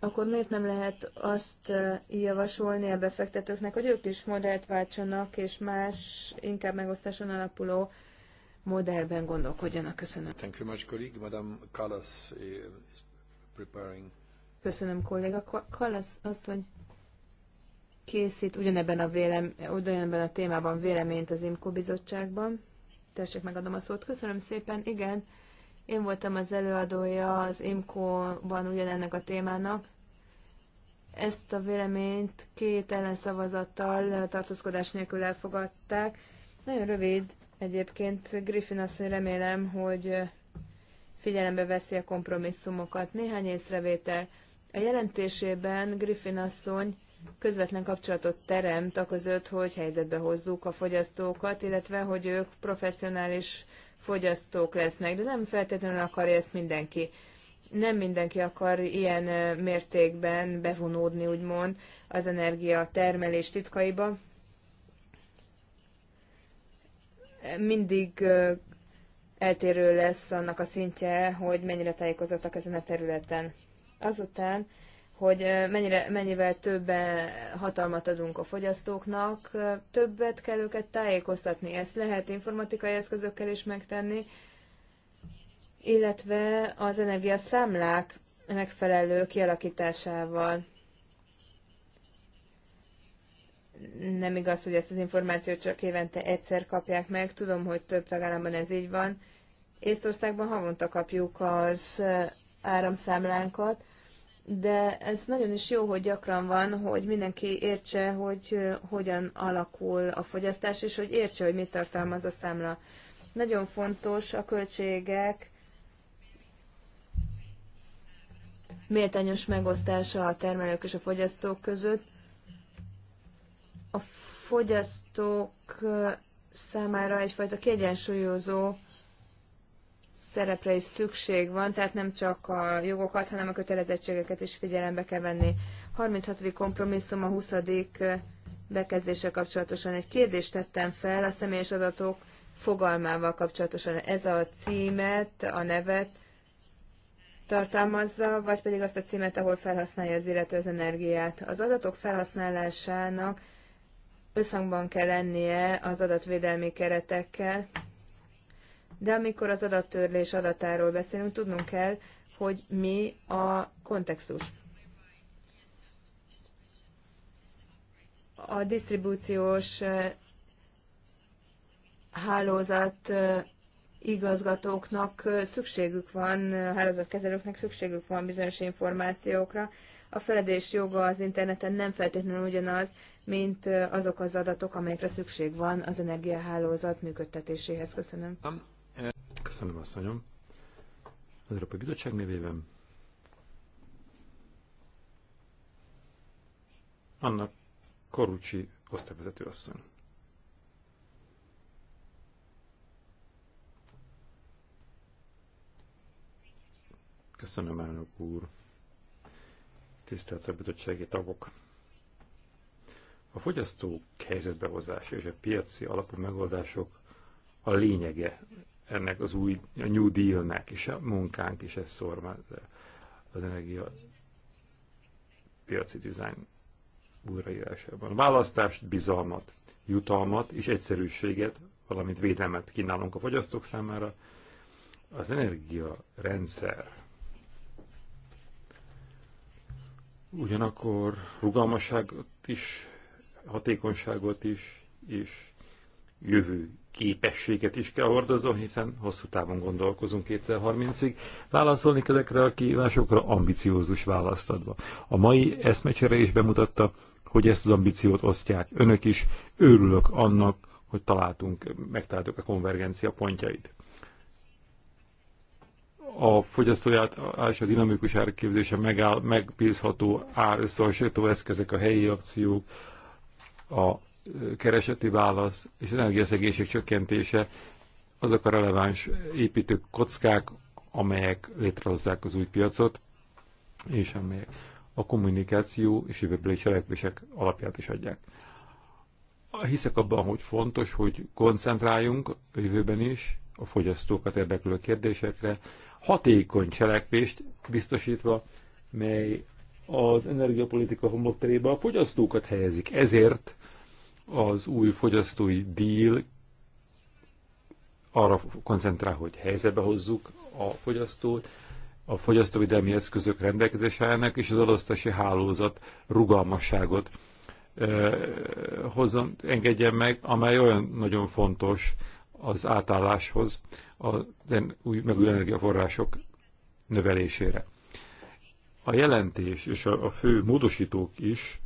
akkor miért nem lehet azt eh, javasolni a befektetőknek, hogy ők is modellt váltsanak, és más, inkább megosztáson alapuló modellben gondolkodjanak. Köszönöm. Thank you much, colleague. Madame Callas is preparing. Köszönöm, kolléga. Kallas asszony készít ugyanebben a, vélem, ugyanebben a témában véleményt az IMCO bizottságban. Tessék, megadom a szót. Köszönöm szépen. Igen, én voltam az előadója az IMCO-ban ugyanennek a témának. Ezt a véleményt két ellenszavazattal tartózkodás nélkül elfogadták. Nagyon rövid egyébként. Griffin asszony remélem, hogy figyelembe veszi a kompromisszumokat. Néhány észrevétel. A jelentésében Griffin asszony közvetlen kapcsolatot teremt a között, hogy helyzetbe hozzuk a fogyasztókat, illetve hogy ők professzionális fogyasztók lesznek, de nem feltétlenül akarja ezt mindenki. Nem mindenki akar ilyen mértékben bevonódni, úgymond, az energia termelés titkaiba. Mindig eltérő lesz annak a szintje, hogy mennyire tájékozottak ezen a területen. Azután hogy mennyire, mennyivel több hatalmat adunk a fogyasztóknak, többet kell őket tájékoztatni. Ezt lehet informatikai eszközökkel is megtenni, illetve az energiaszámlák megfelelő kialakításával. Nem igaz, hogy ezt az információt csak évente egyszer kapják meg, tudom, hogy több tagállamban ez így van. Észtországban havonta kapjuk az áramszámlánkat, de ez nagyon is jó, hogy gyakran van, hogy mindenki értse, hogy hogyan alakul a fogyasztás, és hogy értse, hogy mit tartalmaz a számla. Nagyon fontos a költségek méltányos megosztása a termelők és a fogyasztók között. A fogyasztók számára egyfajta kiegyensúlyozó szerepre is szükség van, tehát nem csak a jogokat, hanem a kötelezettségeket is figyelembe kell venni. 36. kompromisszum a 20. bekezdése kapcsolatosan egy kérdést tettem fel a személyes adatok fogalmával kapcsolatosan. Ez a címet, a nevet tartalmazza, vagy pedig azt a címet, ahol felhasználja az illető az energiát. Az adatok felhasználásának összhangban kell lennie az adatvédelmi keretekkel, de amikor az adattörlés adatáról beszélünk, tudnunk kell, hogy mi a kontextus. A disztribúciós eh, hálózat eh, igazgatóknak eh, szükségük van, hálózatkezelőknek szükségük van bizonyos információkra. A feledés joga az interneten nem feltétlenül ugyanaz, mint azok az adatok, amelyekre szükség van az energiahálózat működtetéséhez. Köszönöm. Um, Köszönöm, asszonyom. Az Európai Bizottság nevében. Anna Korucsi osztályvezető asszony. Köszönöm, elnök úr. Tisztelt szabadottsági tagok! A fogyasztók helyzetbehozása és a piaci alapú megoldások a lényege ennek az új a New Deal-nek, és a munkánk is ezt szormaz az energia piaci dizájn újraírásában. Választást, bizalmat, jutalmat és egyszerűséget, valamint védelmet kínálunk a fogyasztók számára. Az energia rendszer ugyanakkor rugalmasságot is, hatékonyságot is, és jövő képességet is kell hordozom, hiszen hosszú távon gondolkozunk 2030-ig. Válaszolni ezekre a kívásokra ambiciózus választ adva. A mai eszmecsere is bemutatta, hogy ezt az ambíciót osztják önök is. Örülök annak, hogy találtunk, megtaláltuk a konvergencia pontjait. A fogyasztói és a dinamikus árképzése megáll, megbízható árösszehasonlító eszkezek, a helyi akciók, a kereseti válasz és az energiaszegénység csökkentése azok a releváns építő kockák, amelyek létrehozzák az új piacot, és amelyek a kommunikáció és jövőbeli cselekvések alapját is adják. Hiszek abban, hogy fontos, hogy koncentráljunk a jövőben is a fogyasztókat érdeklő kérdésekre, hatékony cselekvést biztosítva, mely az energiapolitika homlokterébe a fogyasztókat helyezik. Ezért az új fogyasztói díl arra koncentrál, hogy helyzetbe hozzuk a fogyasztót, a fogyasztóvédelmi eszközök rendelkezésének és az elosztási hálózat rugalmasságot hozzon, engedjen meg, amely olyan nagyon fontos az átálláshoz, az új megújuló energiaforrások növelésére. A jelentés és a, a fő módosítók is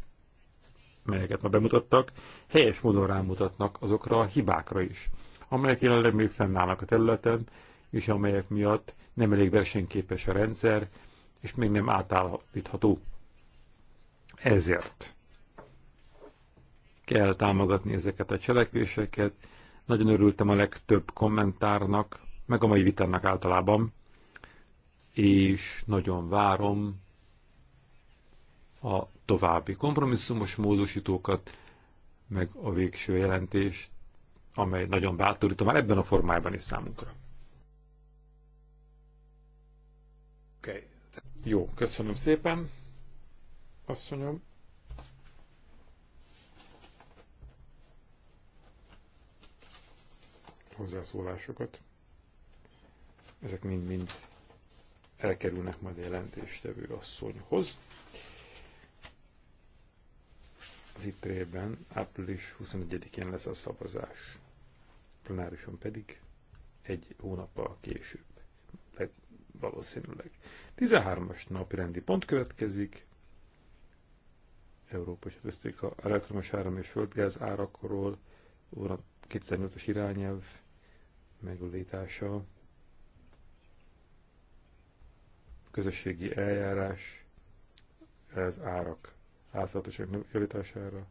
melyeket ma bemutattak, helyes módon rámutatnak azokra a hibákra is, amelyek jelenleg még fennállnak a területen, és amelyek miatt nem elég versenyképes a rendszer, és még nem átállítható. Ezért kell támogatni ezeket a cselekvéseket. Nagyon örültem a legtöbb kommentárnak, meg a mai vitának általában, és nagyon várom a további kompromisszumos módosítókat, meg a végső jelentést, amely nagyon bátorító már ebben a formájban is számunkra. Okay. Jó, köszönöm szépen, asszonyom. Hozzászólásokat. Ezek mind-mind elkerülnek majd a jelentéstevő asszonyhoz. az ITRE-ben április 21-én lesz a szavazás. Plenárison pedig egy hónappal később. Leg, valószínűleg. 13-as napi rendi pont következik. Európai a elektromos áram és földgáz árakról, óra 2008-as irányelv megújítása, közösségi eljárás, az árak átláthatóság javítására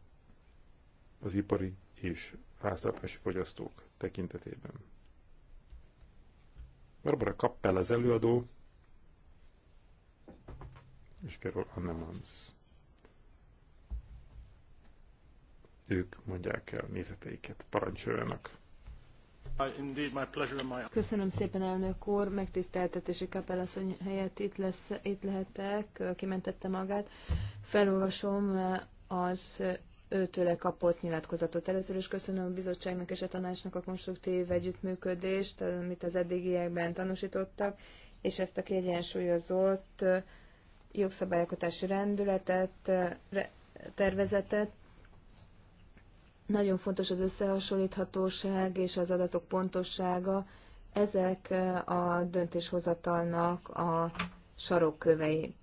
az ipari és háztartási fogyasztók tekintetében. Barbara Kappel az előadó, és Carol Annemans. Ők mondják el nézeteiket, parancsoljanak. Köszönöm szépen, elnök úr, megtiszteltetési kapelasszony helyett itt, lesz, itt lehetek, kimentette magát. Felolvasom eh, az őtőle kapott nyilatkozatot. Először is köszönöm a bizottságnak és a tanácsnak a konstruktív együttműködést, amit az eddigiekben tanúsítottak, és ezt a kiegyensúlyozott eh, jogszabályokatási rendületet, eh, tervezetet nagyon fontos az összehasonlíthatóság és az adatok pontossága. Ezek a döntéshozatalnak a sarokkövei.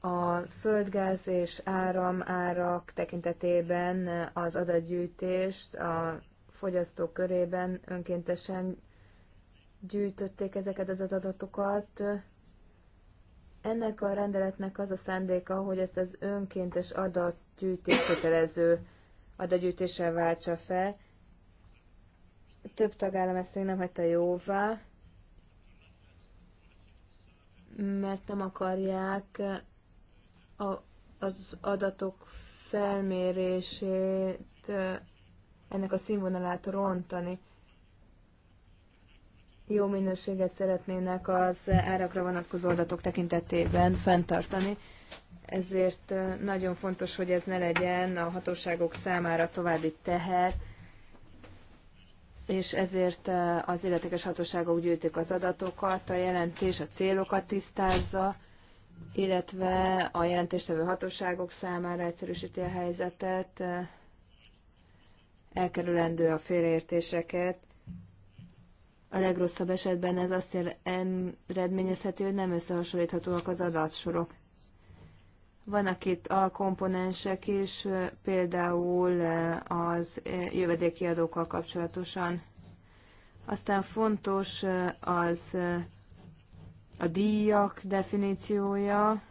A földgáz és áram árak tekintetében az adatgyűjtést a fogyasztók körében önkéntesen gyűjtötték ezeket az adatokat. Ennek a rendeletnek az a szándéka, hogy ezt az önkéntes adatgyűjtés kötelező adagyűjtéssel váltsa fel. Több tagállam ezt még nem hagyta jóvá, mert nem akarják a, az adatok felmérését, ennek a színvonalát rontani. Jó minőséget szeretnének az árakra vonatkozó adatok tekintetében fenntartani, ezért nagyon fontos, hogy ez ne legyen a hatóságok számára további teher, és ezért az illetékes hatóságok gyűjtik az adatokat, a jelentés a célokat tisztázza, illetve a jelentéstevő hatóságok számára egyszerűsíti a helyzetet, elkerülendő a félreértéseket. A legrosszabb esetben ez azt eredményezheti, hogy nem összehasonlíthatóak az adatsorok. Vannak itt a komponensek is, például eh, az eh, jövedéki adókkal kapcsolatosan. Aztán fontos eh, az a díjak definíciója,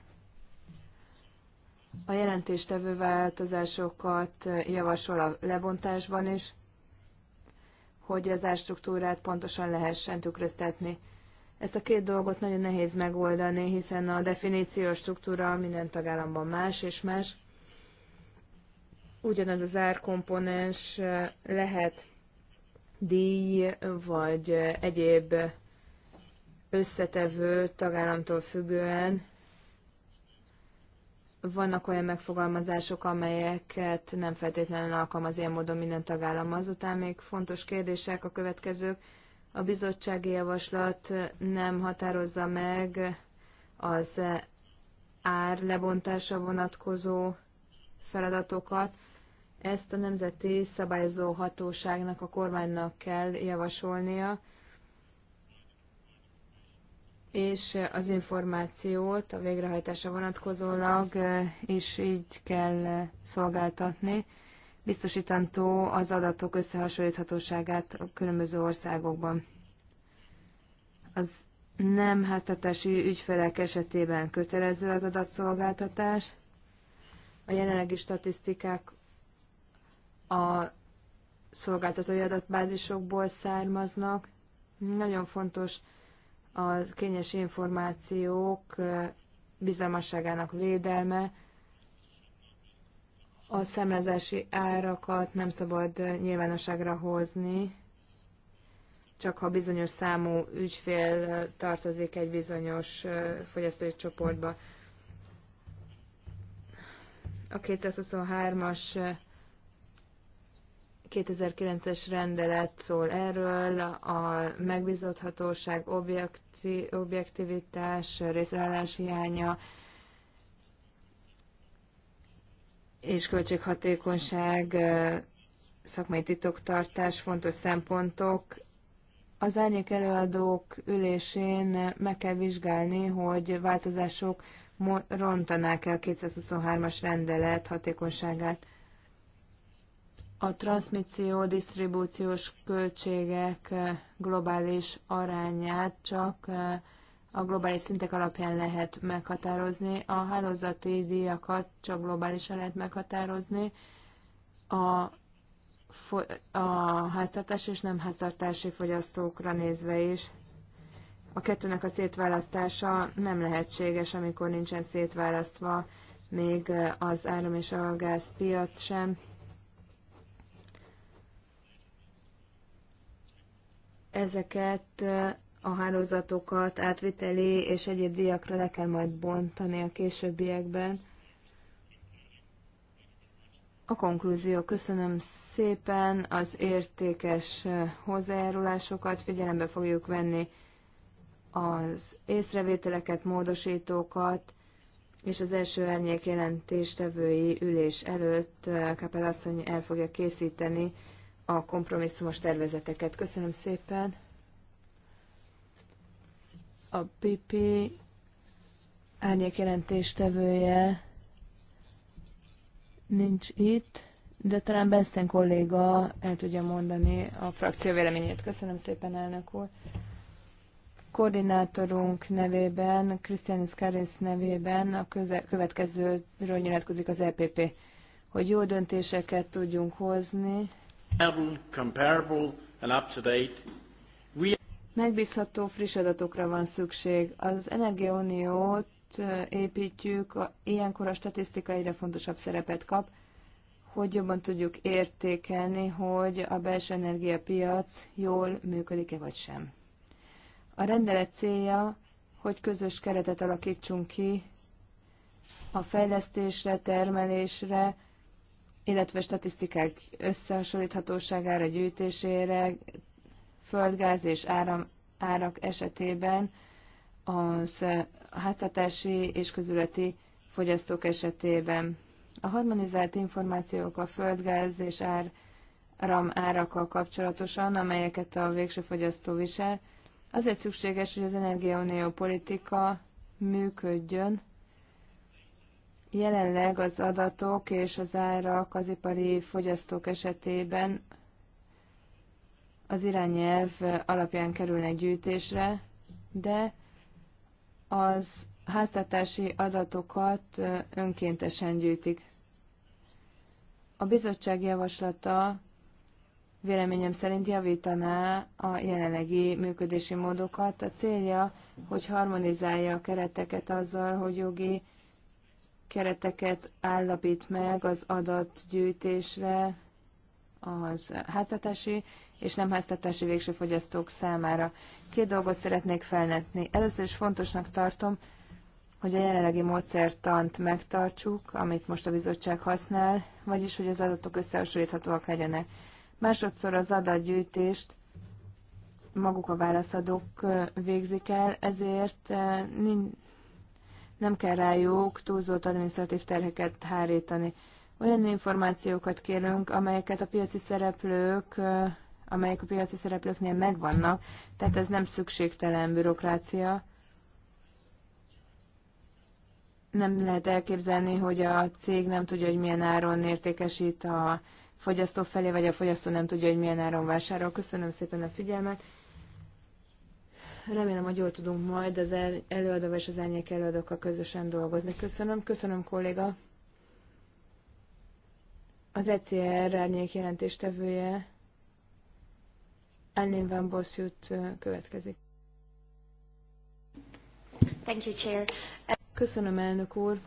a jelentéstevő változásokat javasol a lebontásban is, hogy az árstruktúrát pontosan lehessen tükröztetni. Ezt a két dolgot nagyon nehéz megoldani, hiszen a definíciós struktúra minden tagállamban más és más. Ugyanaz az árkomponens eh, lehet díj vagy egyéb összetevő tagállamtól függően. Vannak olyan megfogalmazások, amelyeket nem feltétlenül alkalmaz ilyen módon minden tagállam. Azután még fontos kérdések a következők a bizottsági javaslat nem határozza meg az ár lebontása vonatkozó feladatokat. Ezt a Nemzeti Szabályozó Hatóságnak, a kormánynak kell javasolnia, és az információt a végrehajtása vonatkozólag is így kell szolgáltatni biztosítandó az adatok összehasonlíthatóságát a különböző országokban. Az nem háztartási ügyfelek esetében kötelező az adatszolgáltatás. A jelenlegi statisztikák a szolgáltatói adatbázisokból származnak. Nagyon fontos a kényes információk bizalmasságának védelme, a szemlezési árakat nem szabad nyilvánosságra hozni, csak ha bizonyos számú ügyfél tartozik egy bizonyos fogyasztói csoportba. A 223-as 2009-es rendelet szól erről, a megbízódhatóság, objektivitás, részrelás hiánya, és költséghatékonyság, szakmai titoktartás fontos szempontok. Az árnyék előadók ülésén meg kell vizsgálni, hogy változások rontanák el 223-as rendelet hatékonyságát. A transmisszió disztribúciós költségek globális arányát csak a globális szintek alapján lehet meghatározni. A hálózati díjakat csak globálisan lehet meghatározni. A, a háztartás és nem háztartási fogyasztókra nézve is. A kettőnek a szétválasztása nem lehetséges, amikor nincsen szétválasztva még az áram és a gázpiac sem. Ezeket a hálózatokat átviteli és egyéb diákra le kell majd bontani a későbbiekben. A konklúzió. Köszönöm szépen az értékes hozzájárulásokat. Figyelembe fogjuk venni az észrevételeket, módosítókat, és az első árnyék jelentéstevői ülés előtt eh, Kapel asszony el fogja készíteni a kompromisszumos tervezeteket. Köszönöm szépen! A PP árnyék jelentéstevője nincs itt, de talán Benszten kolléga el tudja mondani a frakció véleményét. Köszönöm szépen, elnök úr. Koordinátorunk nevében, Krisztianis Karinsz nevében a köze- következőről nyilatkozik az EPP, hogy jó döntéseket tudjunk hozni. Comparable and up-to-date Megbízható friss adatokra van szükség. Az Energiauniót építjük, a, ilyenkor a statisztika egyre fontosabb szerepet kap, hogy jobban tudjuk értékelni, hogy a belső energiapiac jól működik-e vagy sem. A rendelet célja, hogy közös keretet alakítsunk ki a fejlesztésre, termelésre, illetve statisztikák összehasonlíthatóságára, gyűjtésére, földgáz és áram, árak esetében az háztatási és közületi fogyasztók esetében. A harmonizált információk a földgáz és ár árakkal kapcsolatosan, amelyeket a végső fogyasztó visel, azért szükséges, hogy az Energiaunió politika működjön. Jelenleg az adatok és az árak az ipari fogyasztók esetében az irányelv alapján kerülnek gyűjtésre, de az háztartási adatokat önkéntesen gyűjtik. A bizottság javaslata véleményem szerint javítaná a jelenlegi működési módokat. A célja, hogy harmonizálja a kereteket azzal, hogy jogi kereteket állapít meg az adatgyűjtésre, az háztartási és nem háztartási végső fogyasztók számára. Két dolgot szeretnék felnetni. Először is fontosnak tartom, hogy a jelenlegi módszertant megtartsuk, amit most a bizottság használ, vagyis hogy az adatok összehasonlíthatóak legyenek. Másodszor az adatgyűjtést maguk a válaszadók végzik el, ezért nem kell rájuk túlzott adminisztratív terheket hárítani. Olyan információkat kérünk, amelyeket a piaci szereplők amelyek a piaci szereplőknél megvannak, tehát ez nem szükségtelen bürokrácia. Nem lehet elképzelni, hogy a cég nem tudja, hogy milyen áron értékesít a fogyasztó felé, vagy a fogyasztó nem tudja, hogy milyen áron vásárol. Köszönöm szépen a figyelmet. Remélem, hogy jól tudunk majd az előadó és az elnyék előadókkal közösen dolgozni. Köszönöm, köszönöm kolléga. Az ECR árnyék jelentéstevője Annin Van Bosszút következik. Thank you, Chair. Köszönöm, elnök úr.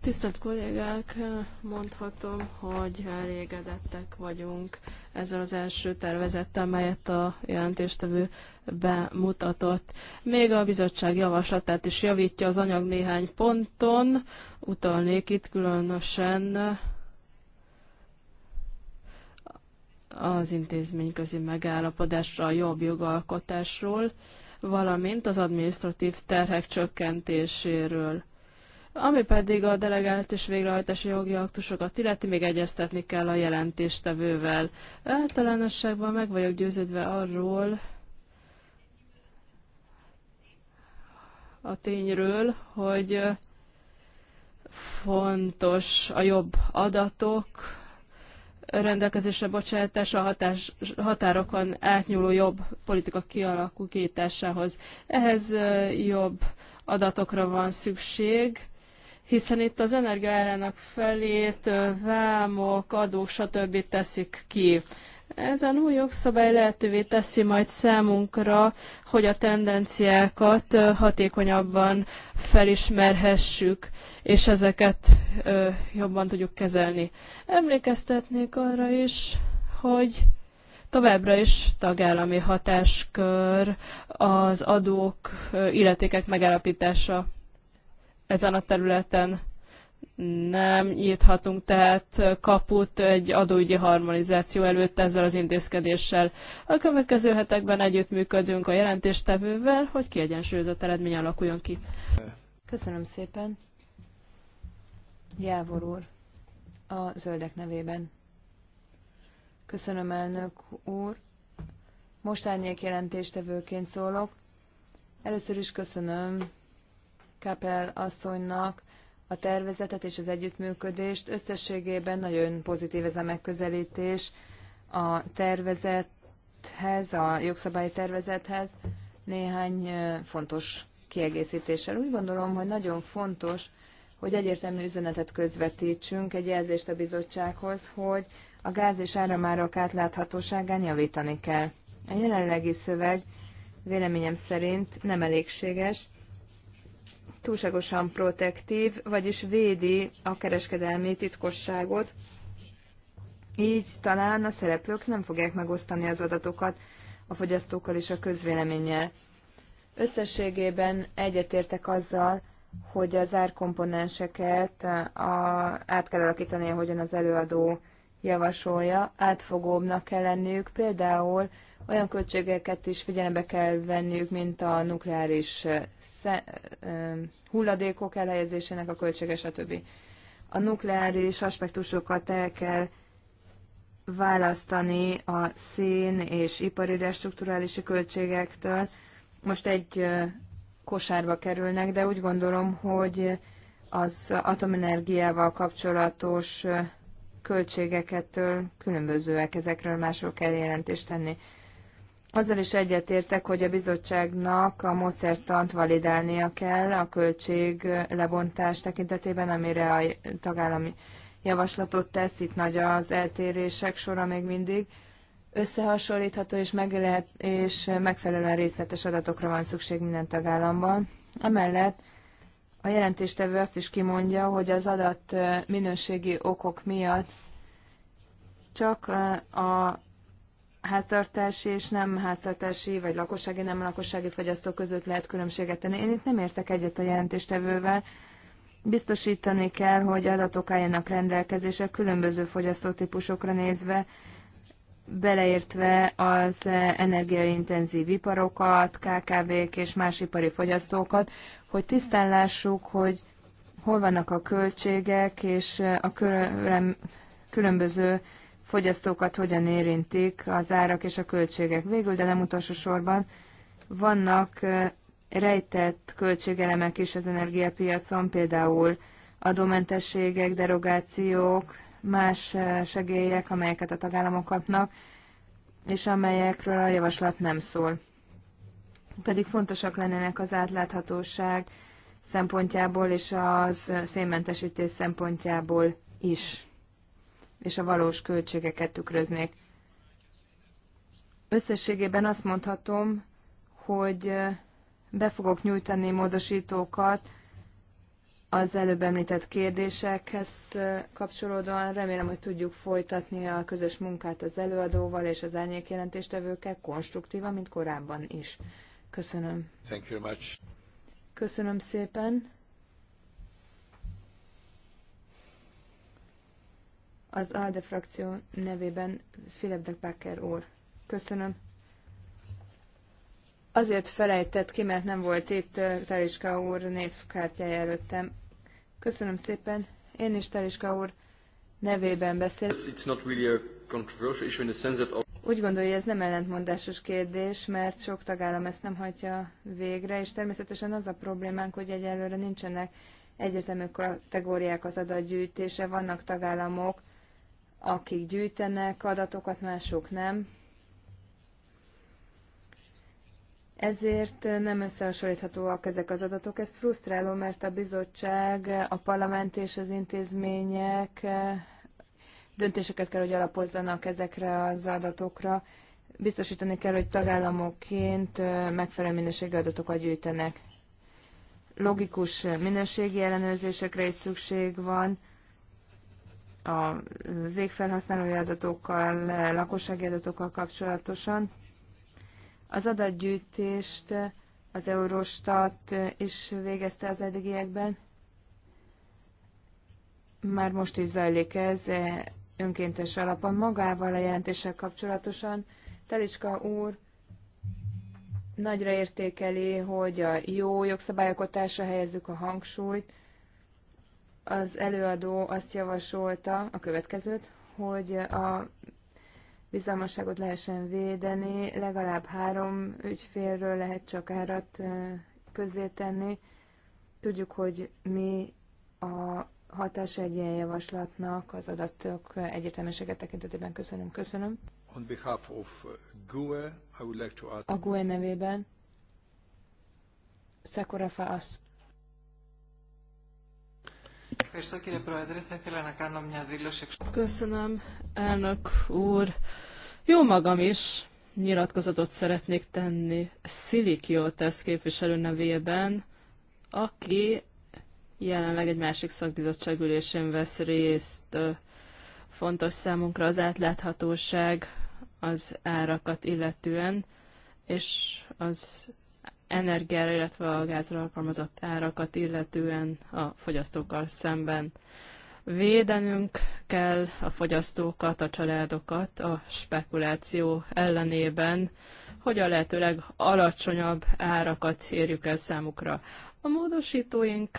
Tisztelt kollégák, mondhatom, hogy elégedettek vagyunk ezzel az első tervezettel, melyet a jelentéstevő bemutatott. Még a bizottság javaslatát is javítja az anyag néhány ponton. Utalnék itt különösen az intézményközi megállapodásra, a jobb jogalkotásról valamint az adminisztratív terhek csökkentéséről. Ami pedig a delegált és végrehajtási jogi aktusokat illeti, még egyeztetni kell a jelentéstevővel. Általánosságban meg vagyok győződve arról, a tényről, hogy fontos a jobb adatok, rendelkezésre bocsátása hatás, határokon átnyúló jobb politika kialakításához. Ehhez jobb adatokra van szükség, hiszen itt az energiaárának felét vámok, adók, stb. teszik ki. Ez a új jogszabály lehetővé teszi majd számunkra, hogy a tendenciákat hatékonyabban felismerhessük, és ezeket jobban tudjuk kezelni. Emlékeztetnék arra is, hogy továbbra is tagállami hatáskör az adók, illetékek megállapítása ezen a területen nem nyithatunk tehát kaput egy adóügyi harmonizáció előtt ezzel az intézkedéssel. A következő hetekben együttműködünk a jelentéstevővel, hogy kiegyensúlyozott eredmény alakuljon ki. Köszönöm szépen. Jávor úr, a zöldek nevében. Köszönöm, elnök úr. Most árnyék jelentéstevőként szólok. Először is köszönöm Kapel asszonynak, a tervezetet és az együttműködést. Összességében nagyon pozitív ez a megközelítés a tervezethez, a jogszabályi tervezethez néhány fontos kiegészítéssel. Úgy gondolom, hogy nagyon fontos, hogy egyértelmű üzenetet közvetítsünk, egy jelzést a bizottsághoz, hogy a gáz és áramárak átláthatóságán javítani kell. A jelenlegi szöveg véleményem szerint nem elégséges, túlságosan protektív, vagyis védi a kereskedelmi titkosságot, így talán a szereplők nem fogják megosztani az adatokat a fogyasztókkal és a közvéleménnyel. Összességében egyetértek azzal, hogy az árkomponenseket a, át kell alakítani, ahogyan az előadó javasolja, átfogóbbnak kell lenniük, például olyan költségeket is figyelembe kell venniük, mint a nukleáris hulladékok elhelyezésének a költsége, stb. A nukleáris aspektusokat el kell választani a szén és ipari restruktúrálisi költségektől. Most egy kosárba kerülnek, de úgy gondolom, hogy az atomenergiával kapcsolatos költségeketől különbözőek, ezekről másról kell jelentést tenni. Azzal is egyetértek, hogy a bizottságnak a módszertant validálnia kell a költség lebontás tekintetében, amire a tagállami javaslatot tesz, itt nagy az eltérések sora még mindig. Összehasonlítható és, meg lehet, és megfelelően részletes adatokra van szükség minden tagállamban. Emellett a jelentéstevő azt is kimondja, hogy az adat minőségi okok miatt csak a háztartási és nem háztartási, vagy lakossági, nem lakossági fogyasztók között lehet különbséget tenni. Én itt nem értek egyet a jelentéstevővel. Biztosítani kell, hogy adatok álljanak rendelkezésre különböző fogyasztótípusokra nézve, beleértve az energiaintenzív iparokat, KKV-k és más ipari fogyasztókat, hogy tisztán lássuk, hogy hol vannak a költségek és a különböző fogyasztókat hogyan érintik az árak és a költségek. Végül, de nem utolsó sorban, vannak rejtett költségelemek is az energiapiacon, például adómentességek, derogációk, más segélyek, amelyeket a tagállamok kapnak, és amelyekről a javaslat nem szól. Pedig fontosak lennének az átláthatóság szempontjából és az szénmentesítés szempontjából is és a valós költségeket tükröznék. Összességében azt mondhatom, hogy be fogok nyújtani módosítókat az előbb említett kérdésekhez kapcsolódóan. Remélem, hogy tudjuk folytatni a közös munkát az előadóval és az árnyékjelentéstevőkkel konstruktívan, mint korábban is. Köszönöm. Thank you much. Köszönöm szépen. az ALDE frakció nevében Philip de Bakker úr. Köszönöm. Azért felejtett ki, mert nem volt itt eh, Tariska úr névkártyája előttem. Köszönöm szépen. Én is Tariska úr nevében beszélek. Really of... Úgy gondolja, hogy ez nem ellentmondásos kérdés, mert sok tagállam ezt nem hagyja végre, és természetesen az a problémánk, hogy egyelőre nincsenek egyetemű kategóriák az adatgyűjtése, vannak tagállamok, akik gyűjtenek adatokat, mások nem. Ezért nem összehasonlíthatóak ezek az adatok. Ez frusztráló, mert a bizottság, a parlament és az intézmények eh, döntéseket kell, hogy alapozzanak ezekre az adatokra. Biztosítani kell, hogy tagállamokként eh, megfelelő minőségű adatokat gyűjtenek. Logikus minőségi ellenőrzésekre is szükség van a végfelhasználói adatokkal, lakossági adatokkal kapcsolatosan. Az adatgyűjtést az Eurostat is végezte az eddigiekben. Már most is zajlik ez e önkéntes alapon magával a jelentéssel kapcsolatosan. Telicska úr nagyra értékeli, hogy a jó jogszabályokatásra helyezzük a hangsúlyt, az előadó azt javasolta a következőt, hogy a bizalmasságot lehessen védeni, legalább három ügyfélről lehet csak árat tenni. Tudjuk, hogy mi a hatása egy ilyen javaslatnak az adatok egyértelműséget tekintetében. Köszönöm, köszönöm. On behalf of GUE, I would like to add... A GUE nevében Szekorafa Köszönöm, elnök úr. Jó magam is nyilatkozatot szeretnék tenni Szilikiotes képviselő nevében, aki jelenleg egy másik szakbizottság ülésén vesz részt. Fontos számunkra az átláthatóság az árakat illetően, és az energiára, illetve a gázra alkalmazott árakat illetően a fogyasztókkal szemben. Védenünk kell a fogyasztókat, a családokat a spekuláció ellenében, hogy a lehetőleg alacsonyabb árakat érjük el számukra. A módosítóink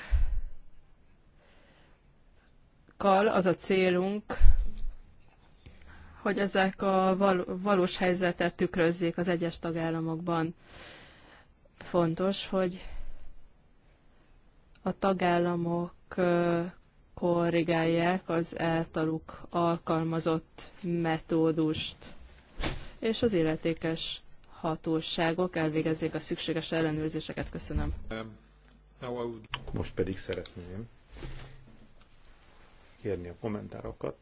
kal az a célunk, hogy ezek a valós helyzetet tükrözzék az egyes tagállamokban. Fontos, hogy a tagállamok korrigálják az általuk alkalmazott metódust, és az illetékes hatóságok elvégezzék a szükséges ellenőrzéseket. Köszönöm. Most pedig szeretném kérni a kommentárokat.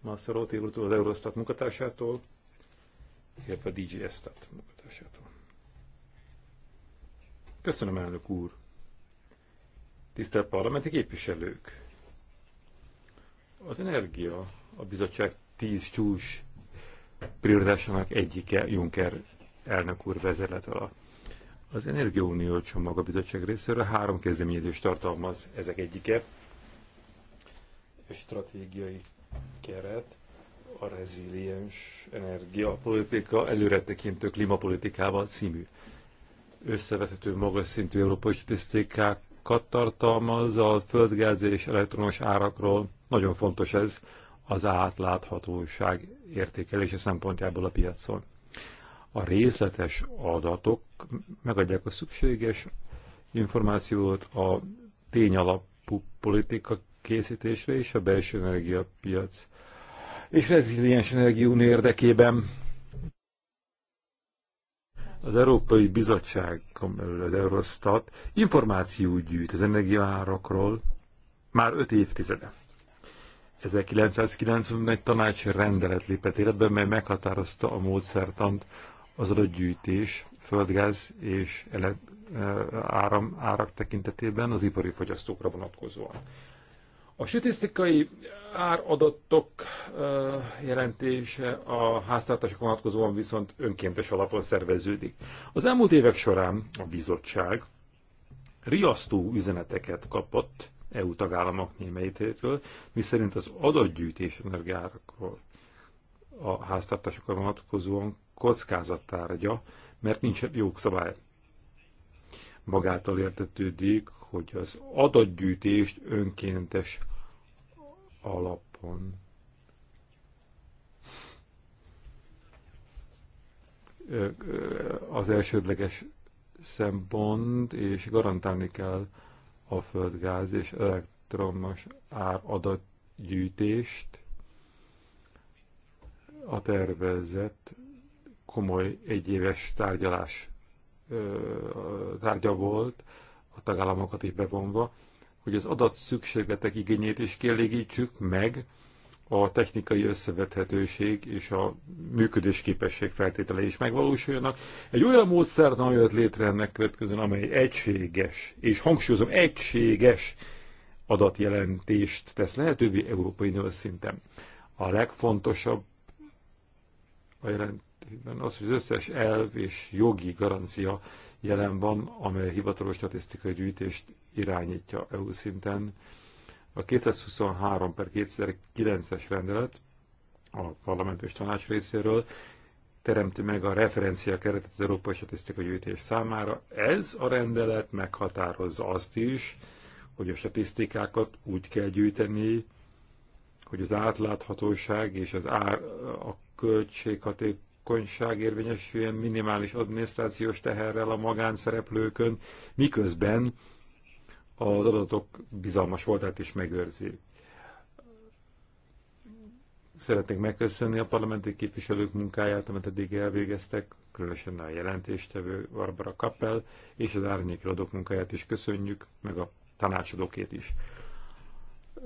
Masszoróti úrtól, az Eurostat munkatársától, illetve a DJ Estat munkatársától. Köszönöm, elnök úr! Tisztelt parlamenti képviselők! Az energia a bizottság tíz csúcs prioritásának egyike Juncker elnök úr vezelet alatt. Az Energiaunió csomag a bizottság részéről három kezdeményezést tartalmaz, ezek egyike. Stratégiai keret, a reziliens energiapolitika előretekintő klímapolitikával című összevethető magas szintű európai statisztikákat tartalmaz a földgáz és elektronos árakról. Nagyon fontos ez az átláthatóság értékelése szempontjából a piacon. A részletes adatok megadják a szükséges információt a tényalapú politika készítésre és a belső energiapiac és reziliens energiúni érdekében. Az Európai Bizottság, az Eurostat információt gyűjt az energiaárakról már öt évtizede. 1990-ben egy tanács rendelet lépett életbe, mely meghatározta a módszertant az adatgyűjtés, földgáz és ele, eh, áram, árak tekintetében az ipari fogyasztókra vonatkozóan. A statisztikai áradatok jelentése a háztartások vonatkozóan viszont önkéntes alapon szerveződik. Az elmúlt évek során a bizottság riasztó üzeneteket kapott EU tagállamok némelyitétől, miszerint az adatgyűjtés energiárakról a háztartásokra vonatkozóan kockázattárgya, mert nincs jogszabály. Magától értetődik, hogy az adatgyűjtést önkéntes alapon az elsődleges szempont, és garantálni kell a földgáz és elektromos ár adatgyűjtést. A tervezett komoly egyéves tárgyalás tárgya volt, a tagállamokat is bevonva, hogy az adat szükségletek igényét is kielégítsük meg a technikai összevethetőség és a működésképesség feltételei is megvalósuljanak. Egy olyan módszert jött létre ennek következően, amely egységes, és hangsúlyozom, egységes adatjelentést tesz lehetővé európai szinten. A legfontosabb a jelent tekintetben az, hogy az összes elv és jogi garancia jelen van, amely hivatalos statisztikai gyűjtést irányítja EU szinten. A 223 per 2009-es rendelet a parlament és tanács részéről teremti meg a referencia keretet az európai statisztikai gyűjtés számára. Ez a rendelet meghatározza azt is, hogy a statisztikákat úgy kell gyűjteni, hogy az átláthatóság és az ár, a költséghaték hatékonyság érvényesüljön minimális adminisztrációs teherrel a magánszereplőkön, miközben az adatok bizalmas voltát is megőrzi. Szeretnék megköszönni a parlamenti képviselők munkáját, amit eddig elvégeztek, különösen a jelentéstevő Barbara Kappel, és az árnyékiradók munkáját is köszönjük, meg a tanácsadókét is.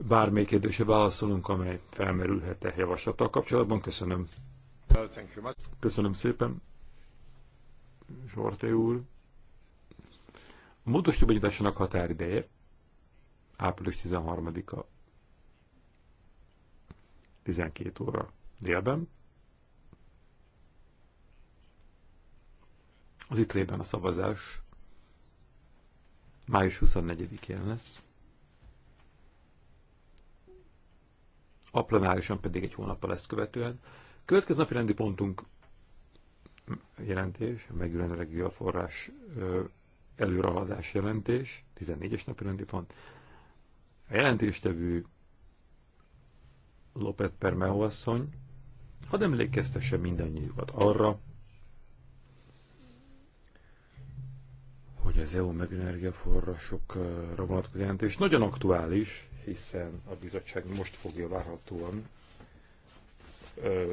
Bármely kérdésre válaszolunk, amely felmerülhet-e javaslattal kapcsolatban, köszönöm. Köszönöm szépen, Sorté úr. A módos jobbanyításának határideje április 13-a 12 óra délben. Az itrében a szavazás május 24-én lesz. A plenárisan pedig egy hónappal ezt követően. Következő napi rendi pontunk jelentés, megülő energiaforrás előrehaladás jelentés, 14-es napi rendi pont. A jelentéstevő Lopet Permeho asszony, hadd emlékeztesse mindannyiukat arra, hogy az EU megenergiaforrásokra vonatkozó jelentés nagyon aktuális, hiszen a bizottság most fogja várhatóan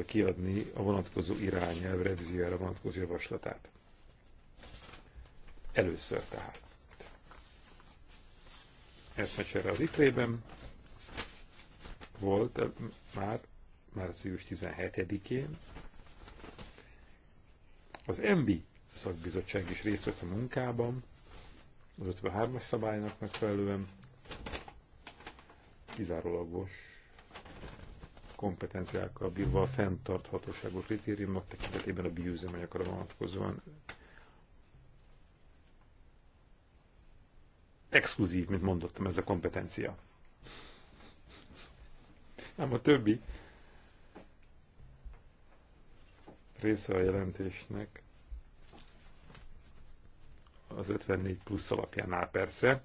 kiadni a vonatkozó irányelv revízióra vonatkozó javaslatát. Először tehát. Eszmecsere az ikrében volt már március 17-én. Az MBI szakbizottság is részt vesz a munkában, az 53-as szabálynak megfelelően kizárólagos kompetenciákkal bírva a fenntarthatóságú kritériumok tekintetében a bióüzemanyagokra vonatkozóan exkluzív, mint mondottam, ez a kompetencia. Ám a többi része a jelentésnek az 54 plusz alapján áll persze.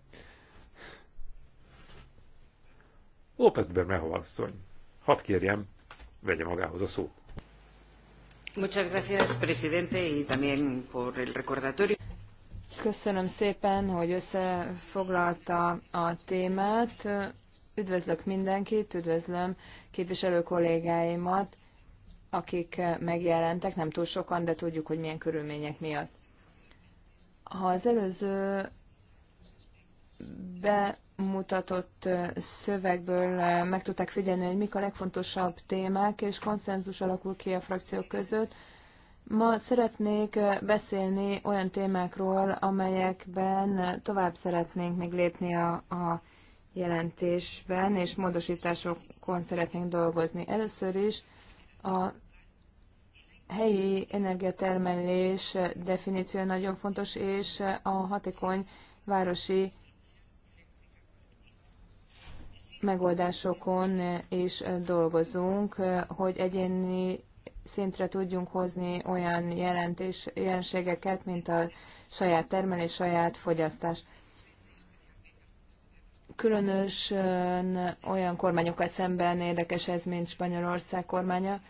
mehova asszony. Hadd kérjem, vegye magához a szót. Muchas gracias, presidente, y también por el recordatorio. Köszönöm szépen, hogy összefoglalta a témát. Üdvözlök mindenkit, üdvözlöm képviselő kollégáimat, akik megjelentek, nem túl sokan, de tudjuk, hogy milyen körülmények miatt. Ha az előző bemutatott szövegből meg tudták figyelni, hogy mik a legfontosabb témák, és konszenzus alakul ki a frakciók között. Ma szeretnék beszélni olyan témákról, amelyekben tovább szeretnénk még lépni a, a jelentésben, és módosításokon szeretnénk dolgozni. Először is a helyi energiatermelés definíció nagyon fontos, és a hatékony városi megoldásokon is dolgozunk, hogy egyéni szintre tudjunk hozni olyan jelentés, jelenségeket, mint a saját termelés, saját fogyasztás. Különösen olyan kormányokkal szemben érdekes ez, mint Spanyolország kormánya.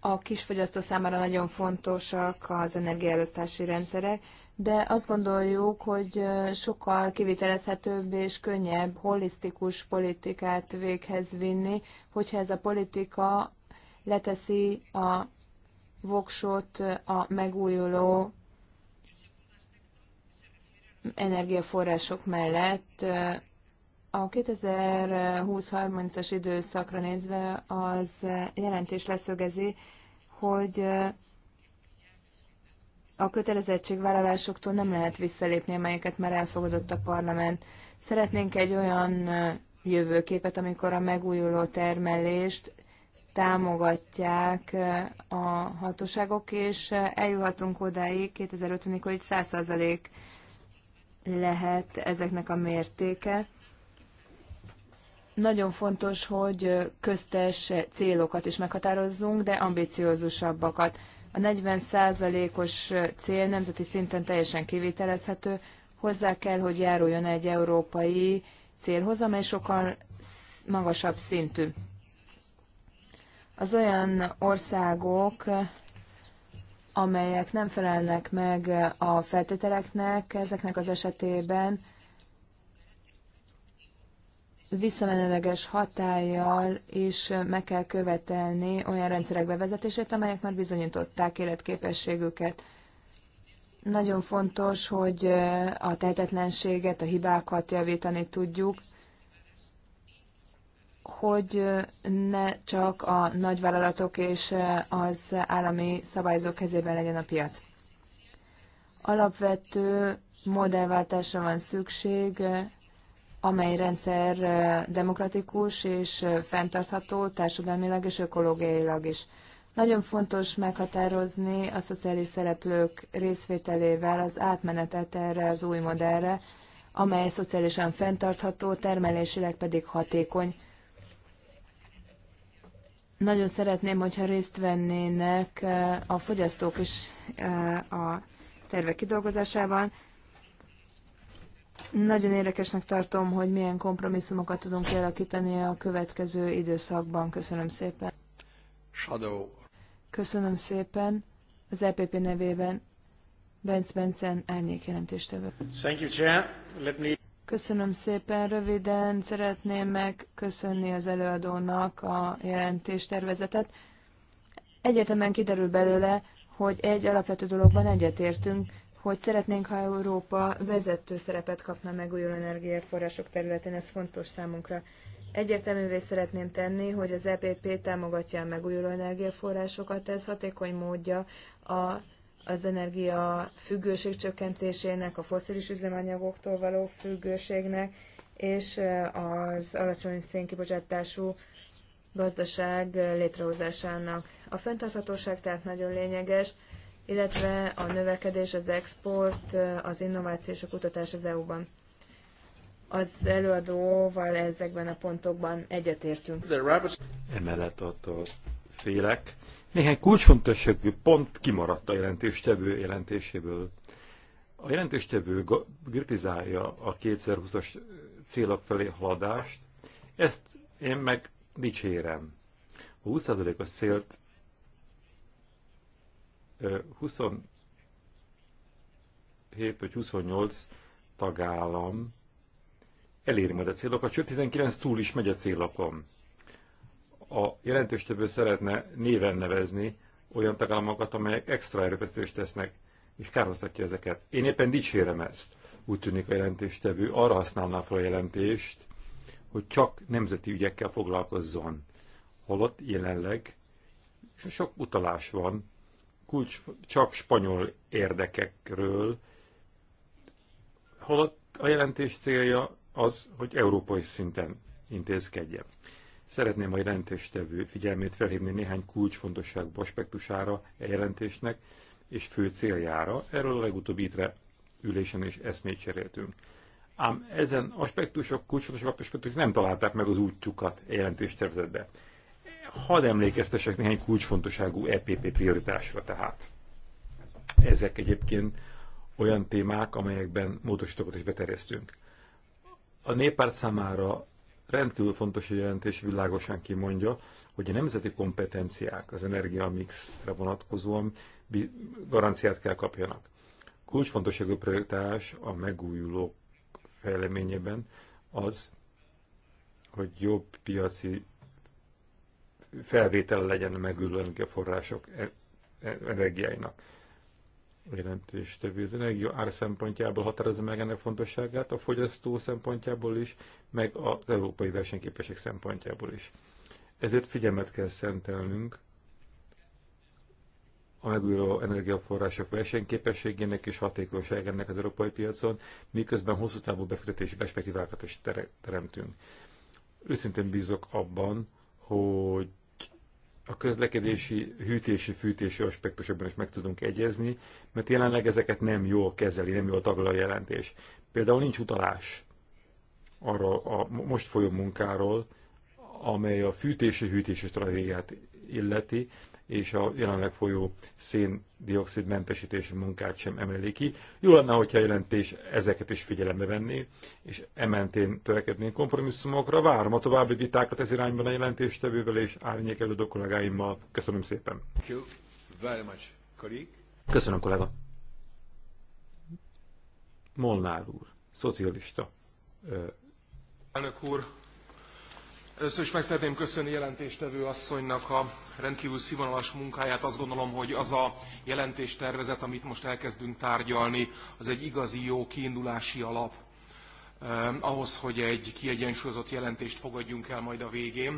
A kisfogyasztó számára nagyon fontosak az energiaelosztási rendszerek, de azt gondoljuk, hogy sokkal kivitelezhetőbb és könnyebb holisztikus politikát véghez vinni, hogyha ez a politika leteszi a voksot a megújuló energiaforrások mellett. A 2020-30-as időszakra nézve az jelentés leszögezi, hogy a kötelezettségvállalásoktól nem lehet visszalépni, amelyeket már elfogadott a parlament. Szeretnénk egy olyan jövőképet, amikor a megújuló termelést támogatják a hatóságok, és eljuhatunk odáig 2050-ig, hogy 100% lehet ezeknek a mértéke. Nagyon fontos, hogy köztes célokat is meghatározzunk, de ambiciózusabbakat. A 40%-os cél nemzeti szinten teljesen kivitelezhető, hozzá kell, hogy járuljon egy európai célhoz, amely sokkal magasabb szintű. Az olyan országok, amelyek nem felelnek meg a feltételeknek, ezeknek az esetében visszamenőleges hatállyal is meg kell követelni olyan rendszerek bevezetését, amelyek már bizonyították életképességüket. Nagyon fontos, hogy a tehetetlenséget, a hibákat javítani tudjuk, hogy ne csak a nagyvállalatok és az állami szabályzók kezében legyen a piac. Alapvető modellváltásra van szükség, amely rendszer demokratikus és fenntartható társadalmilag és ökológiailag is. Nagyon fontos meghatározni a szociális szereplők részvételével az átmenetet erre az új modellre, amely szociálisan fenntartható, termelésileg pedig hatékony. Nagyon szeretném, hogyha részt vennének a fogyasztók is a tervek kidolgozásában, nagyon érdekesnek tartom, hogy milyen kompromisszumokat tudunk kialakítani a következő időszakban. Köszönöm szépen. Shadow. Köszönöm szépen. Az EPP nevében Benz Benson árnyék jelentéstevő. Thank you, Chair. Let me... Köszönöm szépen. Röviden szeretném megköszönni az előadónak a jelentéstervezetet. Egyetemen kiderül belőle, hogy egy alapvető dologban egyetértünk, hogy szeretnénk, ha Európa vezető szerepet kapna megújuló energiaforrások területén, ez fontos számunkra. Egyértelművé szeretném tenni, hogy az EPP támogatja a megújuló energiaforrásokat, ez hatékony módja a, az energia függőség csökkentésének, a foszilis üzemanyagoktól való függőségnek, és az alacsony szénkibocsátású gazdaság létrehozásának. A fenntarthatóság tehát nagyon lényeges, illetve a növekedés, az export, az innováció és a kutatás az EU-ban. Az előadóval ezekben a pontokban egyetértünk. Emellett attól félek. Néhány kulcsfontosságú pont kimaradt a jelentéstevő jelentéséből. A jelentéstevő kritizálja a 2020-as célok felé haladást, ezt én meg dicsérem. A 20%-os célt 27 vagy 28 tagállam eléri majd a célokat, sőt 19 túl is megy a célokon. A jelentős többő szeretne néven nevezni olyan tagállamokat, amelyek extra erőfeszítést tesznek, és kárhoztatja ezeket. Én éppen dicsérem ezt. Úgy tűnik a jelentéstevő arra használná fel a jelentést, hogy csak nemzeti ügyekkel foglalkozzon. Holott jelenleg sok utalás van kulcs csak spanyol érdekekről, holott a jelentés célja az, hogy európai szinten intézkedjen. Szeretném a jelentéstevő figyelmét felhívni néhány kulcsfontosságú aspektusára a e jelentésnek és fő céljára. Erről a legutóbbi ítre ülésen is eszmét cseréltünk. Ám ezen aspektusok, kulcsfontosságú aspektusok nem találták meg az útjukat a e jelentéstervezetbe hadd emlékeztesek néhány kulcsfontosságú EPP prioritásra tehát. Ezek egyébként olyan témák, amelyekben módosítókat is beterjesztünk. A néppárt számára rendkívül fontos a jelentés világosan kimondja, hogy a nemzeti kompetenciák az energiamixre vonatkozóan garanciát kell kapjanak. Kulcsfontosságú prioritás a megújulók fejleményében az, hogy jobb piaci felvétel legyen a megülő források e- e- energiáinak. Jelentéstevő az energia ár szempontjából határozza meg ennek fontosságát, a fogyasztó szempontjából is, meg az európai versenyképesség szempontjából is. Ezért figyelmet kell szentelnünk a megújuló energiaforrások versenyképességének és hatékonyságának az európai piacon, miközben hosszú távú befektetési perspektívákat is teremtünk. Őszintén bízok abban, hogy a közlekedési, hűtési, fűtési aspektusokban is meg tudunk egyezni, mert jelenleg ezeket nem jól kezeli, nem jól taglal a jelentés. Például nincs utalás arra a most folyó munkáról, amely a fűtési-hűtési stratégiát illeti, és a jelenleg folyó széndiokszid mentesítési munkát sem emeli ki. Jó lenne, hogyha a jelentés ezeket is figyelembe venné, és ementén törekednénk kompromisszumokra. Várom a további vitákat ez irányban a jelentéstevővel és árnyékelődő kollégáimmal. Köszönöm szépen. Köszönöm, kollega. Molnár úr, szocialista. Elnök úr, Először is meg szeretném köszönni jelentéstevő asszonynak a rendkívül színvonalas munkáját. Azt gondolom, hogy az a jelentéstervezet, amit most elkezdünk tárgyalni, az egy igazi jó kiindulási alap eh, ahhoz, hogy egy kiegyensúlyozott jelentést fogadjunk el majd a végén.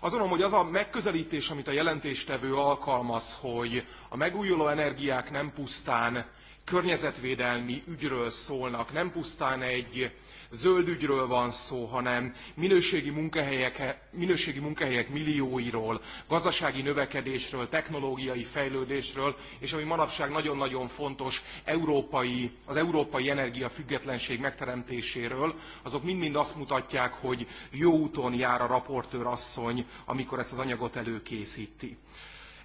Azt gondolom, hogy az a megközelítés, amit a jelentéstevő alkalmaz, hogy a megújuló energiák nem pusztán környezetvédelmi ügyről szólnak, nem pusztán egy zöld ügyről van szó, hanem minőségi munkahelyek, minőségi munkahelyek millióiról, gazdasági növekedésről, technológiai fejlődésről, és ami manapság nagyon-nagyon fontos, európai, az európai energiafüggetlenség megteremtéséről, azok mind-mind azt mutatják, hogy jó úton jár a raportőr asszony, amikor ezt az anyagot előkészíti.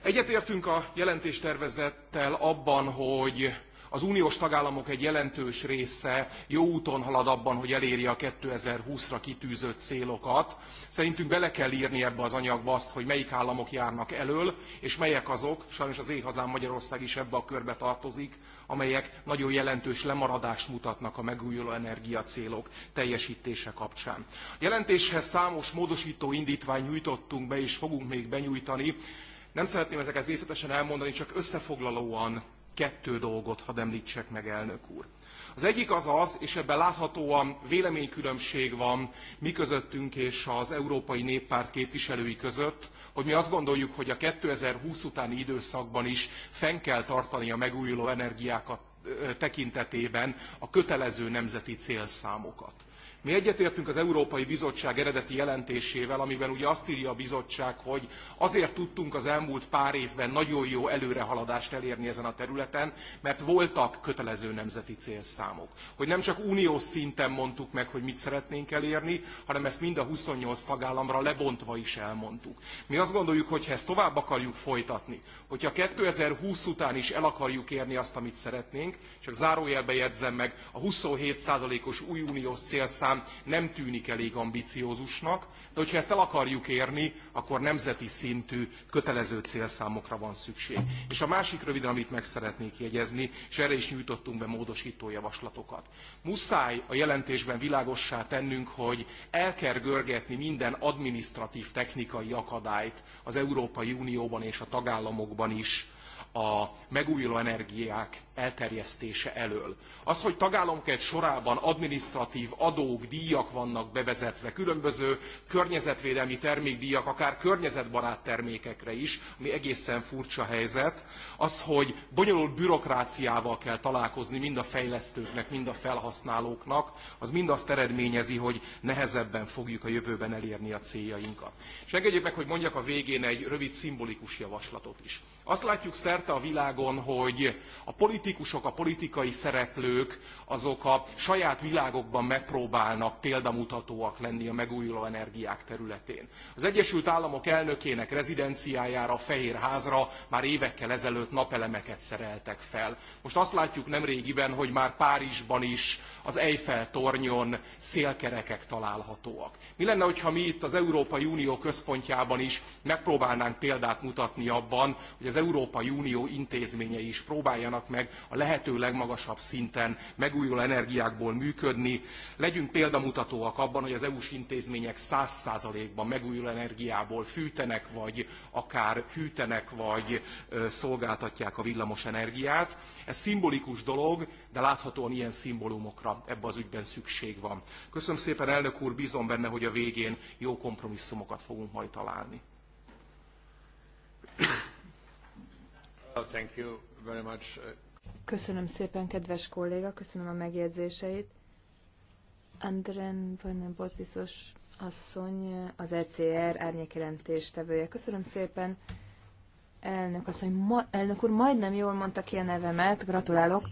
Egyetértünk a jelentéstervezettel abban, hogy az uniós tagállamok egy jelentős része jó úton halad abban, hogy eléri a 2020-ra kitűzött célokat. Szerintünk bele kell írni ebbe az anyagba azt, hogy melyik államok járnak elől, és melyek azok, sajnos az én hazám Magyarország is ebbe a körbe tartozik, amelyek nagyon jelentős lemaradást mutatnak a megújuló energiacélok teljesítése kapcsán. A jelentéshez számos módosító indítvány nyújtottunk be, és fogunk még benyújtani. Nem szeretném ezeket részletesen elmondani, csak összefoglalóan kettő dolgot hadd említsek meg, elnök úr. Az egyik az az, és ebben láthatóan véleménykülönbség van mi közöttünk és az Európai Néppárt képviselői között, hogy mi azt gondoljuk, hogy a 2020 utáni időszakban is fenn kell tartani a megújuló energiákat tekintetében a kötelező nemzeti célszámokat. Mi egyetértünk az Európai Bizottság eredeti jelentésével, amiben ugye azt írja a bizottság, hogy azért tudtunk az elmúlt pár évben nagyon jó előrehaladást elérni ezen a területen, mert voltak kötelező nemzeti célszámok. Hogy nem csak uniós szinten mondtuk meg, hogy mit szeretnénk elérni, hanem ezt mind a 28 tagállamra lebontva is elmondtuk. Mi azt gondoljuk, hogy ha ezt tovább akarjuk folytatni, hogyha 2020 után is el akarjuk érni azt, amit szeretnénk, csak zárójelbe jegyzem meg, a 27%-os új uniós célszám igazán nem tűnik elég ambiciózusnak, de hogyha ezt el akarjuk érni, akkor nemzeti szintű kötelező célszámokra van szükség. És a másik röviden, amit meg szeretnék jegyezni, és erre is nyújtottunk be módosító javaslatokat. Muszáj a jelentésben világossá tennünk, hogy el kell görgetni minden adminisztratív technikai akadályt az Európai Unióban és a tagállamokban is a megújuló energiák elterjesztése elől. Az, hogy tagállamként sorában adminisztratív adók, díjak vannak bevezetve, különböző környezetvédelmi termékdíjak, akár környezetbarát termékekre is, ami egészen furcsa helyzet, az, hogy bonyolult bürokráciával kell találkozni mind a fejlesztőknek, mind a felhasználóknak, az mind azt eredményezi, hogy nehezebben fogjuk a jövőben elérni a céljainkat. És engedjék meg, hogy mondjak a végén egy rövid szimbolikus javaslatot is. Azt látjuk szerte a világon, hogy a politikusok, a politikai szereplők azok a saját világokban megpróbálnak példamutatóak lenni a megújuló energiák területén. Az Egyesült Államok elnökének rezidenciájára, a Fehér Házra már évekkel ezelőtt napelemeket szereltek fel. Most azt látjuk nemrégiben, hogy már Párizsban is az Eiffel tornyon szélkerekek találhatóak. Mi lenne, hogyha mi itt az Európai Unió központjában is megpróbálnánk példát mutatni abban, hogy az Európai Unió intézményei is próbáljanak meg a lehető legmagasabb szinten megújuló energiákból működni. Legyünk példamutatóak abban, hogy az EU-s intézmények 100%-ban megújuló energiából fűtenek, vagy akár hűtenek, vagy szolgáltatják a villamos energiát. Ez szimbolikus dolog, de láthatóan ilyen szimbólumokra ebbe az ügyben szükség van. Köszönöm szépen, elnök úr, bízom benne, hogy a végén jó kompromisszumokat fogunk majd találni. Köszönöm szépen, kedves kolléga, köszönöm a megjegyzéseit. Andren Bozizos asszony, az ECR árnyékjelentés tevője. Köszönöm szépen, elnök asszony. Ma, elnök úr, majdnem jól mondta ki a nevemet, gratulálok.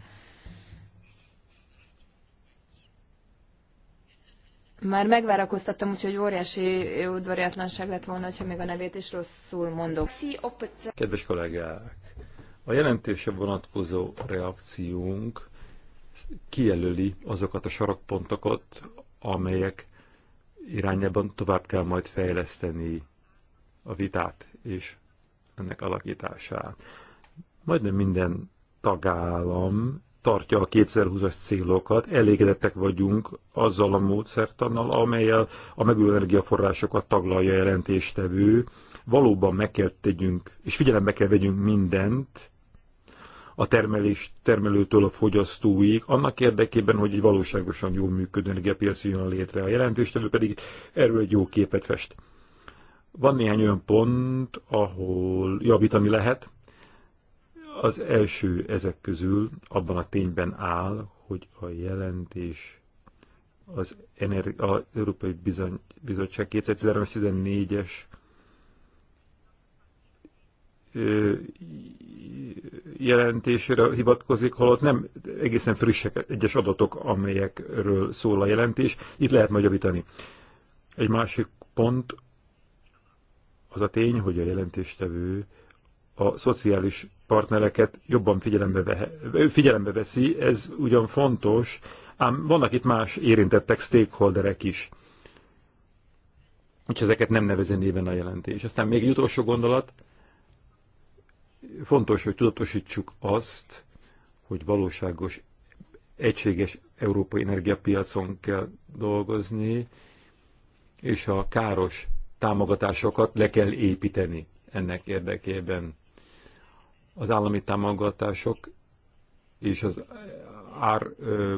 Már megvárakoztattam, úgyhogy óriási udvariatlanság lett volna, ha még a nevét is rosszul mondok. Kedves kollégák, a jelentése vonatkozó reakciónk kijelöli azokat a sarokpontokat, amelyek irányában tovább kell majd fejleszteni a vitát és ennek alakítását. Majdnem minden tagállam tartja a 2020-as célokat, elégedettek vagyunk azzal a módszertannal, amelyel a megújuló energiaforrásokat taglalja jelentéstevő. Valóban meg kell tegyünk, és figyelembe kell vegyünk mindent, a termelés termelőtől a fogyasztóig, annak érdekében, hogy egy valóságosan jól működő energiapiac jön létre. A jelentéstevő pedig erről egy jó képet fest. Van néhány olyan pont, ahol javítani lehet. Az első ezek közül abban a tényben áll, hogy a jelentés az, Ener- Európai Bizottság 2014-es jelentésére hivatkozik, holott nem egészen frissek egyes adatok, amelyekről szól a jelentés. Itt lehet majd javítani. Egy másik pont az a tény, hogy a jelentéstevő a szociális partnereket jobban figyelembe, vehe, figyelembe veszi, ez ugyan fontos, ám vannak itt más érintettek, stakeholderek is. Úgyhogy ezeket nem nevezi néven a jelentés. Aztán még egy utolsó gondolat, fontos, hogy tudatosítsuk azt, hogy valóságos, egységes európai energiapiacon kell dolgozni, és a káros támogatásokat le kell építeni ennek érdekében. Az állami támogatások és az ár ö,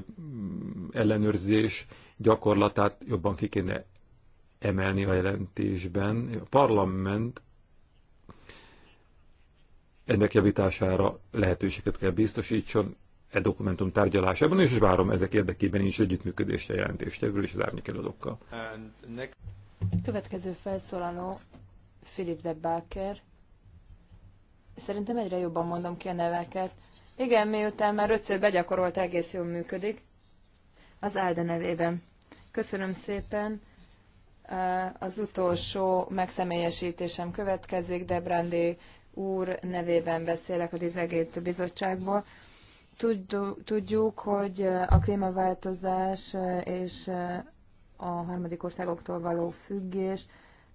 ellenőrzés gyakorlatát jobban ki kéne emelni a jelentésben. A parlament ennek javítására lehetőséget kell biztosítson e dokumentum tárgyalásában, és várom ezek érdekében is együttműködést a jelentéstevül és az árnyékelődokkal. Next... Következő felszólaló Philip de Baker. Szerintem egyre jobban mondom ki a neveket. Igen, miután már ötször begyakorolt, egész jól működik. Az Álda nevében. Köszönöm szépen. Az utolsó megszemélyesítésem következik. De Brandi úr nevében beszélek a Dizegét bizottságból. Tudjuk, hogy a klímaváltozás és a harmadik országoktól való függés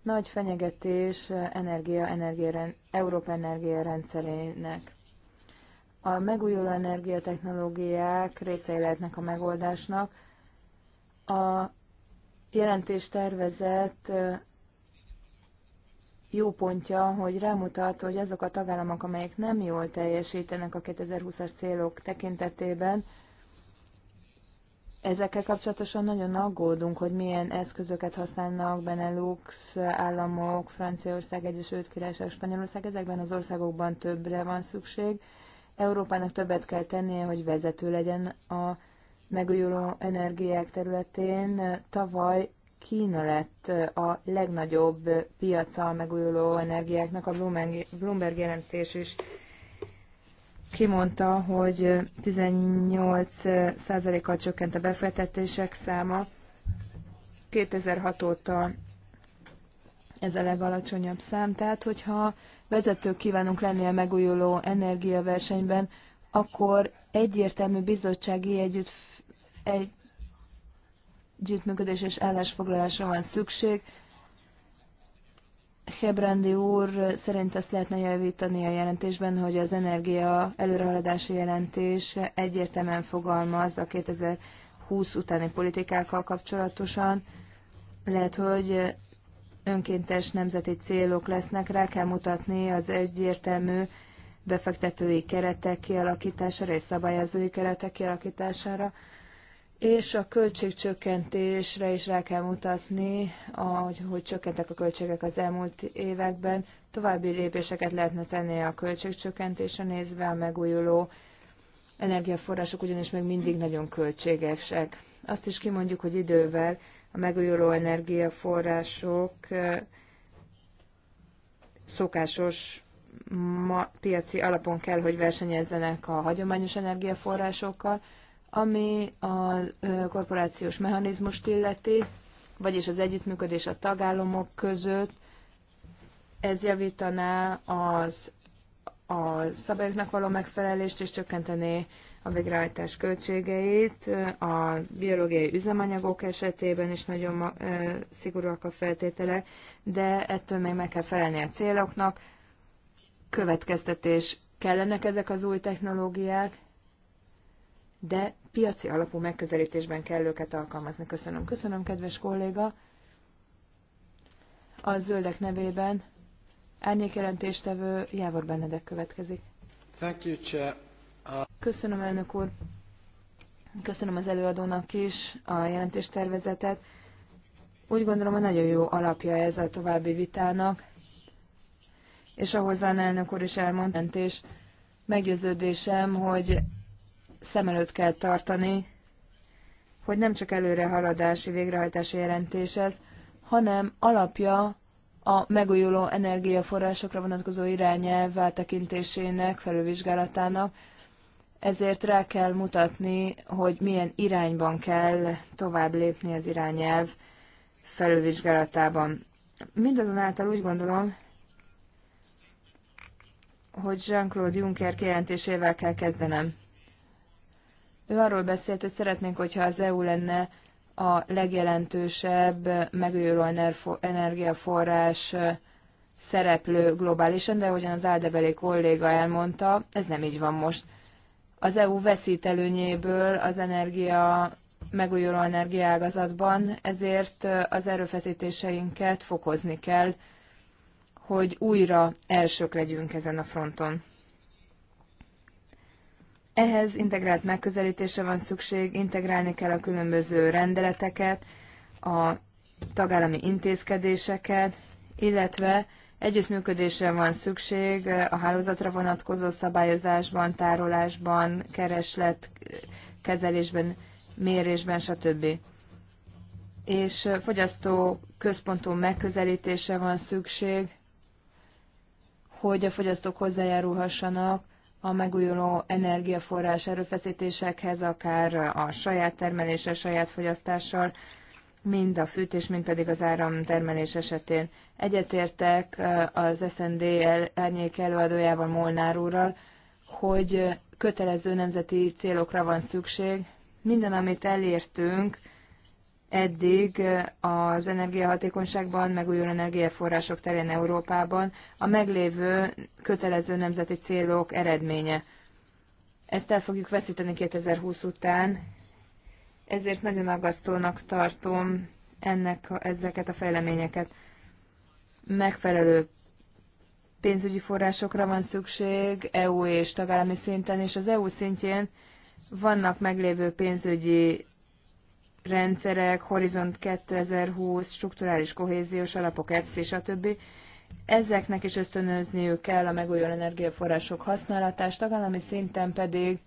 nagy fenyegetés energia, energia, Európa energiarendszerének. A megújuló energiatechnológiák részei lehetnek a megoldásnak. A jelentés tervezett jó pontja, hogy rámutat, hogy azok a tagállamok, amelyek nem jól teljesítenek a 2020-as célok tekintetében, Ezekkel kapcsolatosan nagyon aggódunk, hogy milyen eszközöket használnak Benelux államok, Franciaország, Egyesült Királyság, Spanyolország. Ezekben az országokban többre van szükség. Európának többet kell tennie, hogy vezető legyen a megújuló energiák területén. Tavaly Kína lett eh, a legnagyobb piaca a megújuló energiáknak. A Bloomberg jelentés is kimondta, hogy 18%-kal eh, eh, csökkent a befektetések száma. 2006 óta ez a legalacsonyabb szám. Tehát, hogyha vezetők kívánunk lenni a megújuló energiaversenyben, akkor egyértelmű bizottsági együtt, egy együttműködés és állásfoglalásra van szükség. Hebrandi úr szerint azt lehetne javítani a jelentésben, hogy az energia előrehaladási jelentés egyértelműen fogalmaz a 2020 utáni politikákkal kapcsolatosan. Lehet, hogy önkéntes nemzeti célok lesznek, rá kell mutatni az egyértelmű befektetői keretek kialakítására és szabályozói keretek kialakítására, és a költségcsökkentésre is rá kell mutatni, ahogy, hogy csökkentek a költségek az elmúlt években. További lépéseket lehetne tenni a költségcsökkentésre nézve, a megújuló energiaforrások ugyanis még mindig nagyon költségesek. Azt is kimondjuk, hogy idővel a megújuló energiaforrások szokásos ma, piaci alapon kell, hogy versenyezzenek a hagyományos energiaforrásokkal, ami a korporációs mechanizmust illeti, vagyis az együttműködés a tagállamok között, ez javítaná az a szabályoknak való megfelelést és csökkentené a végrehajtás költségeit. A biológiai üzemanyagok esetében is nagyon szigorúak a feltételek, de ettől még meg kell felelni a céloknak. Következtetés kellenek ezek az új technológiák, de piaci alapú megközelítésben kell őket alkalmazni. Köszönöm. Köszönöm, kedves kolléga. A zöldek nevében árnyékjelentéstevő Jávor Benedek következik. Thank you, Chair. Uh, Köszönöm, elnök úr. Köszönöm az előadónak is a jelentéstervezetet. Úgy gondolom, hogy nagyon jó alapja ez a további vitának, és ahhoz az elnök úr is elmondta, és meggyőződésem, hogy szem előtt kell tartani, hogy nem csak előrehaladási, végrehajtási jelentés ez, hanem alapja a megújuló energiaforrásokra vonatkozó irányelv tekintésének, felülvizsgálatának, ezért rá kell mutatni, hogy milyen irányban kell tovább lépni az irányelv felülvizsgálatában. Mindazonáltal úgy gondolom, hogy Jean-Claude Juncker kijelentésével kell kezdenem. Ő arról beszélt, hogy szeretnénk, hogyha az EU lenne a legjelentősebb megújuló energiaforrás szereplő globálisan, de ahogyan az áldebeli kolléga elmondta, ez nem így van most. Az EU veszít előnyéből az energia megújuló energiaágazatban, ezért az erőfeszítéseinket fokozni kell, hogy újra elsők legyünk ezen a fronton. Ehhez integrált megközelítése van szükség, integrálni kell a különböző rendeleteket, a tagállami intézkedéseket, illetve együttműködésre van szükség a hálózatra vonatkozó szabályozásban, tárolásban, kereslet, kezelésben, mérésben, stb. És fogyasztó központú megközelítésre van szükség, hogy a fogyasztók hozzájárulhassanak a megújuló energiaforrás erőfeszítésekhez, akár a saját termelése, saját fogyasztással, mind a fűtés, mind pedig az áramtermelés esetén. Egyetértek az SND árnyék előadójával Molnár úrral, hogy kötelező nemzeti célokra van szükség. Minden, amit elértünk, eddig az energiahatékonyságban, megújuló energiaforrások terén Európában a meglévő kötelező nemzeti célok eredménye. Ezt el fogjuk veszíteni 2020 után, ezért nagyon aggasztónak tartom ennek, ezeket a fejleményeket. Megfelelő pénzügyi forrásokra van szükség EU és tagállami szinten, és az EU szintjén vannak meglévő pénzügyi rendszerek, Horizont 2020, strukturális kohéziós alapok, EFSZ és a többi. Ezeknek is ösztönözniük kell a megújuló energiaforrások használatást, tagállami szinten pedig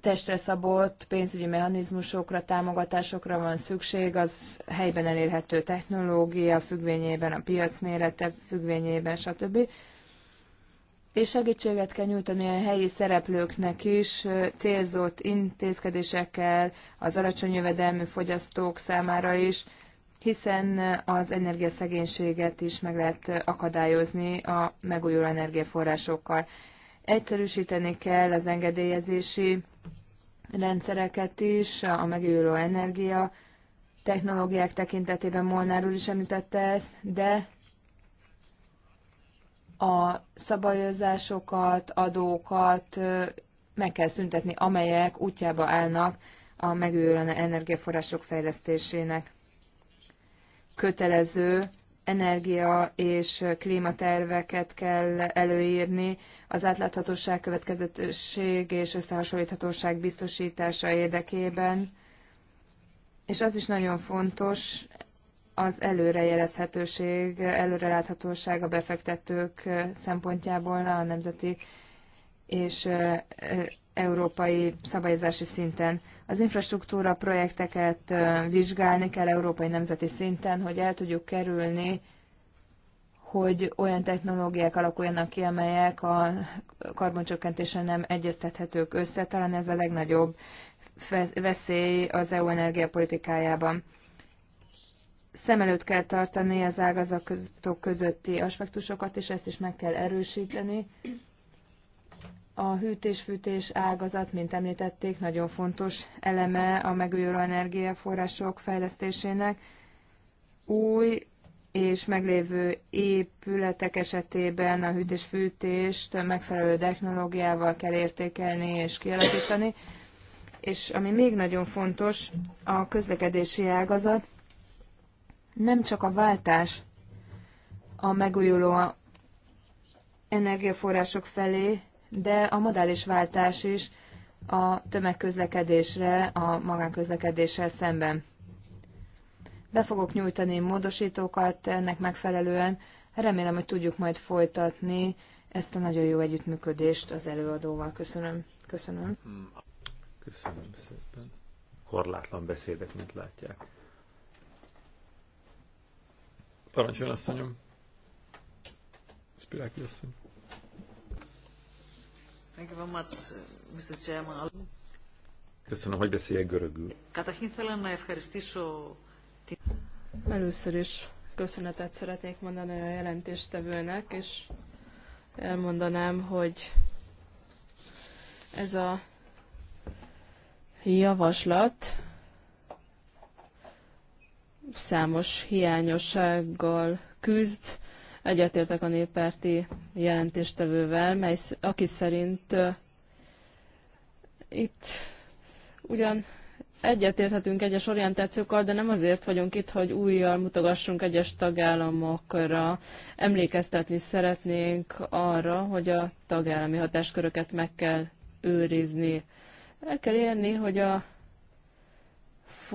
testre szabott pénzügyi mechanizmusokra, támogatásokra van szükség, az helyben elérhető technológia függvényében, a piac mérete függvényében, stb és segítséget kell nyújtani a helyi szereplőknek is célzott intézkedésekkel az alacsony jövedelmű fogyasztók számára is, hiszen az energiaszegénységet is meg lehet akadályozni a megújuló energiaforrásokkal. Egyszerűsíteni kell az engedélyezési rendszereket is, a megújuló energia technológiák tekintetében Molnár úr is említette ezt, de a szabályozásokat, adókat meg kell szüntetni, amelyek útjába állnak a megújuló energiaforrások fejlesztésének. Kötelező energia és klímaterveket kell előírni, az átláthatóság, következetesség és összehasonlíthatóság biztosítása érdekében. És az is nagyon fontos az előrejelezhetőség, előreláthatóság a befektetők szempontjából a nemzeti és európai szabályozási szinten. Az infrastruktúra projekteket vizsgálni kell európai nemzeti szinten, hogy el tudjuk kerülni, hogy olyan technológiák alakuljanak ki, amelyek a karboncsökkentésre nem egyeztethetők össze. Talán ez a legnagyobb veszély az EU energiapolitikájában szem előtt kell tartani az ágazatok közötti aspektusokat, és ezt is meg kell erősíteni. A hűtés-fűtés ágazat, mint említették, nagyon fontos eleme a megújuló energiaforrások fejlesztésének. Új és meglévő épületek esetében a hűtés-fűtést megfelelő technológiával kell értékelni és kialakítani. És ami még nagyon fontos, a közlekedési ágazat, nem csak a váltás a megújuló energiaforrások felé, de a modális váltás is a tömegközlekedésre, a magánközlekedéssel szemben. Be fogok nyújtani módosítókat ennek megfelelően. Remélem, hogy tudjuk majd folytatni ezt a nagyon jó együttműködést az előadóval. Köszönöm. Köszönöm. Köszönöm szépen. Korlátlan beszédet, mint látják. Parancsoljon, asszonyom. Spiráki asszony. Uh, Köszönöm, hogy beszéljek görögül. Először is köszönetet szeretnék mondani a jelentéstevőnek, és elmondanám, hogy ez a javaslat számos hiányossággal küzd. Egyetértek a néppárti jelentéstevővel, mely, aki szerint itt ugyan egyetérthetünk egyes orientációkkal, de nem azért vagyunk itt, hogy újjal mutogassunk egyes tagállamokra. Emlékeztetni szeretnénk arra, hogy a tagállami hatásköröket meg kell őrizni. El kell érni, hogy a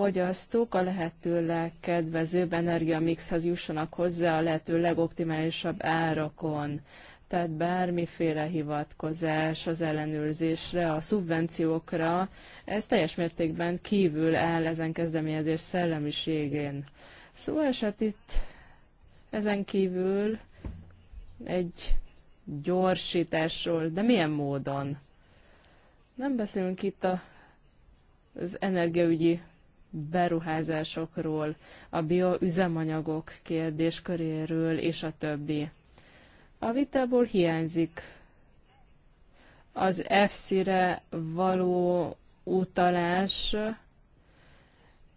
fogyasztók a lehető legkedvezőbb energiamixhez jussanak hozzá a lehető legoptimálisabb árakon. Tehát bármiféle hivatkozás az ellenőrzésre, a szubvenciókra, ez teljes mértékben kívül áll ezen kezdeményezés szellemiségén. szóval eset itt ezen kívül egy gyorsításról, de milyen módon? Nem beszélünk itt a, az energiaügyi beruházásokról, a bioüzemanyagok kérdésköréről, és a többi. A vitából hiányzik az FC-re való utalás,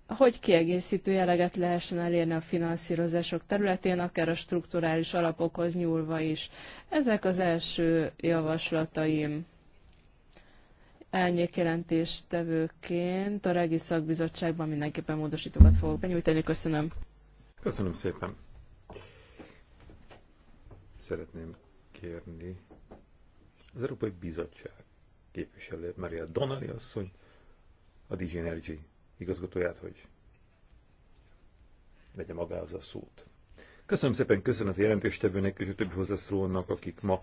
hogy kiegészítő jeleget lehessen elérni a finanszírozások területén, akár a strukturális alapokhoz nyúlva is. Ezek az első javaslataim elnyékjelentéstevőként a Regi Szakbizottságban mindenképpen módosítókat fogok benyújtani. Köszönöm. Köszönöm szépen. Szeretném kérni az Európai Bizottság képviselő Maria Donnelly asszony, a DG Energy igazgatóját, hogy vegye magához a szót. Köszönöm szépen, köszönet a jelentéstevőnek és a többi hozzászólónak, akik ma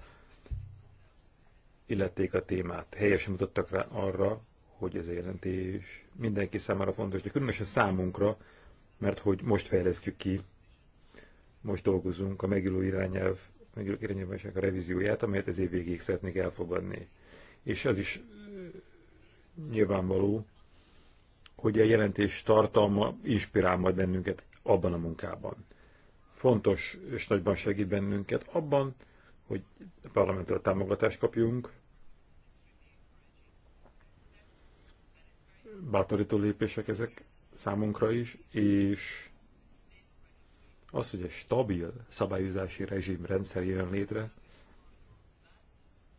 illették a témát. Helyesen mutattak rá arra, hogy ez a jelentés mindenki számára fontos, de különösen számunkra, mert hogy most fejlesztjük ki, most dolgozunk a megülő irányelv, megülő irányelvesek a revízióját, amelyet ez év végéig szeretnék elfogadni. És az is nyilvánvaló, hogy a jelentés tartalma inspirál majd bennünket abban a munkában. Fontos és nagyban segít bennünket abban, hogy a parlamenttől támogatást kapjunk. Bátorító lépések ezek számunkra is, és az, hogy egy stabil szabályozási rezsim rendszer jön létre,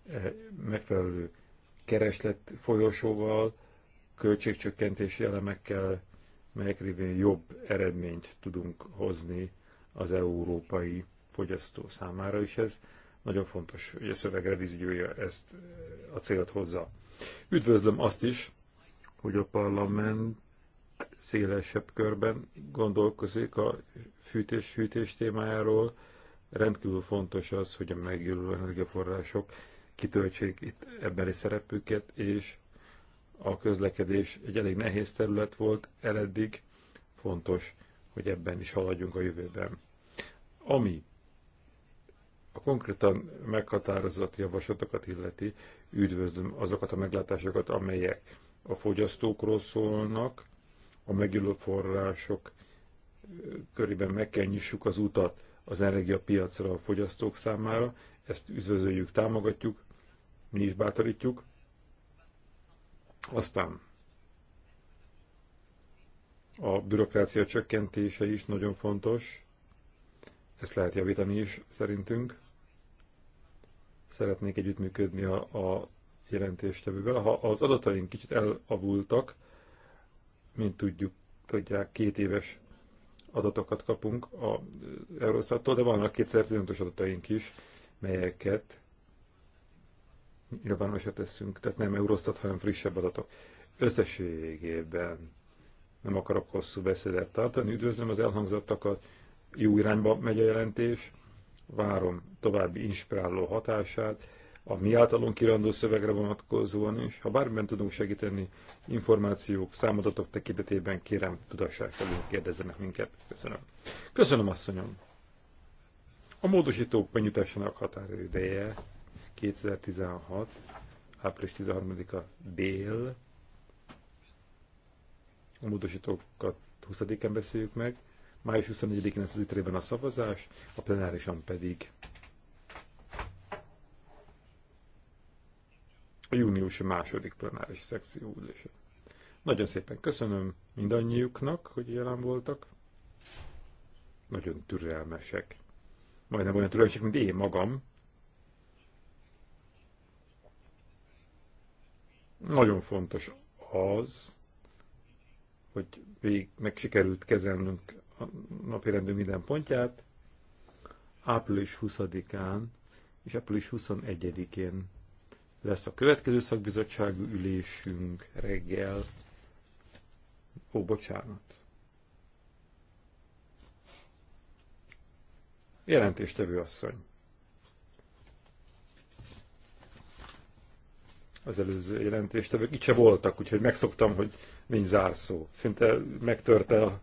e, megfelelő kereslet folyosóval, költségcsökkentési elemekkel, melyek révén jobb eredményt tudunk hozni az európai fogyasztó számára, és ez nagyon fontos, hogy a szöveg revíziója ezt a célt hozza. Üdvözlöm azt is, hogy a parlament szélesebb körben gondolkozik a fűtés-hűtés témájáról. Rendkívül fontos az, hogy a megjelölő energiaforrások kitöltsék itt ebbeli szerepüket, és a közlekedés egy elég nehéz terület volt, eleddig fontos, hogy ebben is haladjunk a jövőben. Ami konkrétan meghatározott javaslatokat illeti, üdvözlöm azokat a meglátásokat, amelyek a fogyasztókról szólnak, a megülő források körében meg kell nyissuk az utat az energiapiacra a fogyasztók számára, ezt üdvözöljük, támogatjuk, mi is bátorítjuk. Aztán a bürokrácia csökkentése is nagyon fontos, ezt lehet javítani is szerintünk szeretnék együttműködni a, a jelentéstevővel. Ha az adataink kicsit elavultak, mint tudjuk, tudják, két éves adatokat kapunk a Eurostattól, de vannak 2015-ös adataink is, melyeket nyilvánosra teszünk, tehát nem Eurostat, hanem frissebb adatok. Összességében nem akarok hosszú beszédet tartani, üdvözlöm az elhangzottakat, jó irányba megy a jelentés, várom további inspiráló hatását, a mi általunk kirandó szövegre vonatkozóan is. Ha bármiben tudunk segíteni, információk, számadatok tekintetében kérem, tudassák felül, kérdezzenek minket. Köszönöm. Köszönöm, asszonyom. A módosítók benyújtásának határideje 2016, április 13-a dél. A módosítókat 20-án beszéljük meg Május 24-én lesz az ITRE-ben a szavazás, a plenárisan pedig a június második plenáris szekció ülése. Nagyon szépen köszönöm mindannyiuknak, hogy jelen voltak. Nagyon türelmesek. Majdnem olyan türelmesek, mint én magam. Nagyon fontos az, hogy végig meg sikerült kezelnünk a napirendünk minden pontját április 20-án és április 21-én lesz a következő szakbizottságú ülésünk reggel. Ó, bocsánat. Jelentéstevő asszony. Az előző jelentéstevők itt se voltak, úgyhogy megszoktam, hogy nincs zárszó. Szinte megtörte a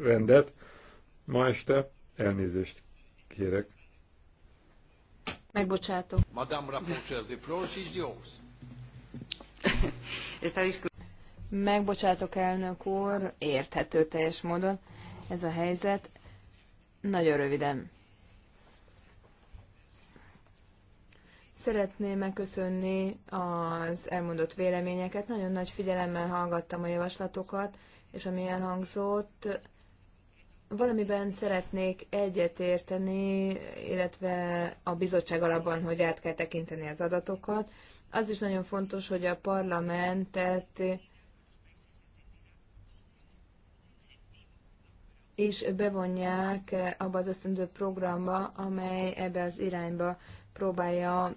rendet ma este. Elnézést kérek. Megbocsátok. Madame Rapporteur, the floor is yours. Megbocsátok, elnök úr, érthető teljes módon ez a helyzet. Nagyon röviden. Szeretném megköszönni az elmondott véleményeket. Nagyon nagy figyelemmel hallgattam a javaslatokat és ami elhangzott, valamiben szeretnék egyetérteni, illetve a bizottság alapban, hogy át kell tekinteni az adatokat. Az is nagyon fontos, hogy a parlamentet is bevonják abba az ösztöndő programba, amely ebbe az irányba próbálja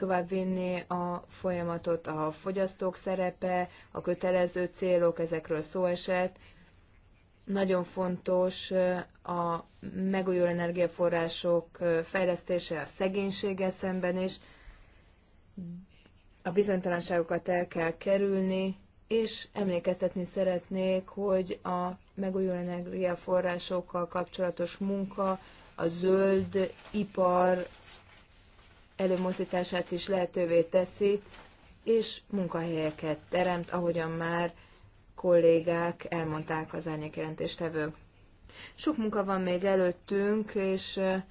továbbvinni a folyamatot, a fogyasztók szerepe, a kötelező célok, ezekről szó esett. Nagyon fontos eh, a megújuló energiaforrások eh, fejlesztése a szegénységgel szemben is. A bizonytalanságokat el kell kerülni, és emlékeztetni szeretnék, hogy a megújuló energiaforrásokkal kapcsolatos munka, a zöld ipar előmozdítását is lehetővé teszi, és munkahelyeket teremt, ahogyan már kollégák elmondták az árnyékjelentéstevők. Sok munka van még előttünk, és eh,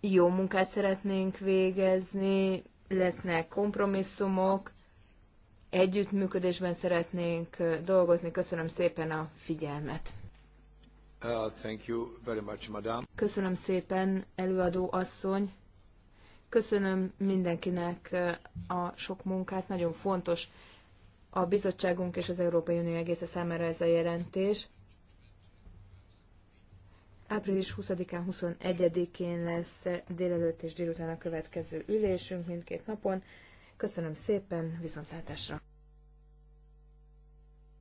jó munkát szeretnénk végezni, lesznek kompromisszumok, együttműködésben szeretnénk eh, dolgozni. Köszönöm szépen a figyelmet. Uh, thank you very much, madam. Köszönöm szépen, előadó asszony. Köszönöm mindenkinek eh, a sok munkát, nagyon fontos a bizottságunk és az Európai Unió egésze számára ez a jelentés. Április 20-án, 21-én lesz délelőtt és délután a következő ülésünk mindkét napon. Köszönöm szépen, viszontlátásra!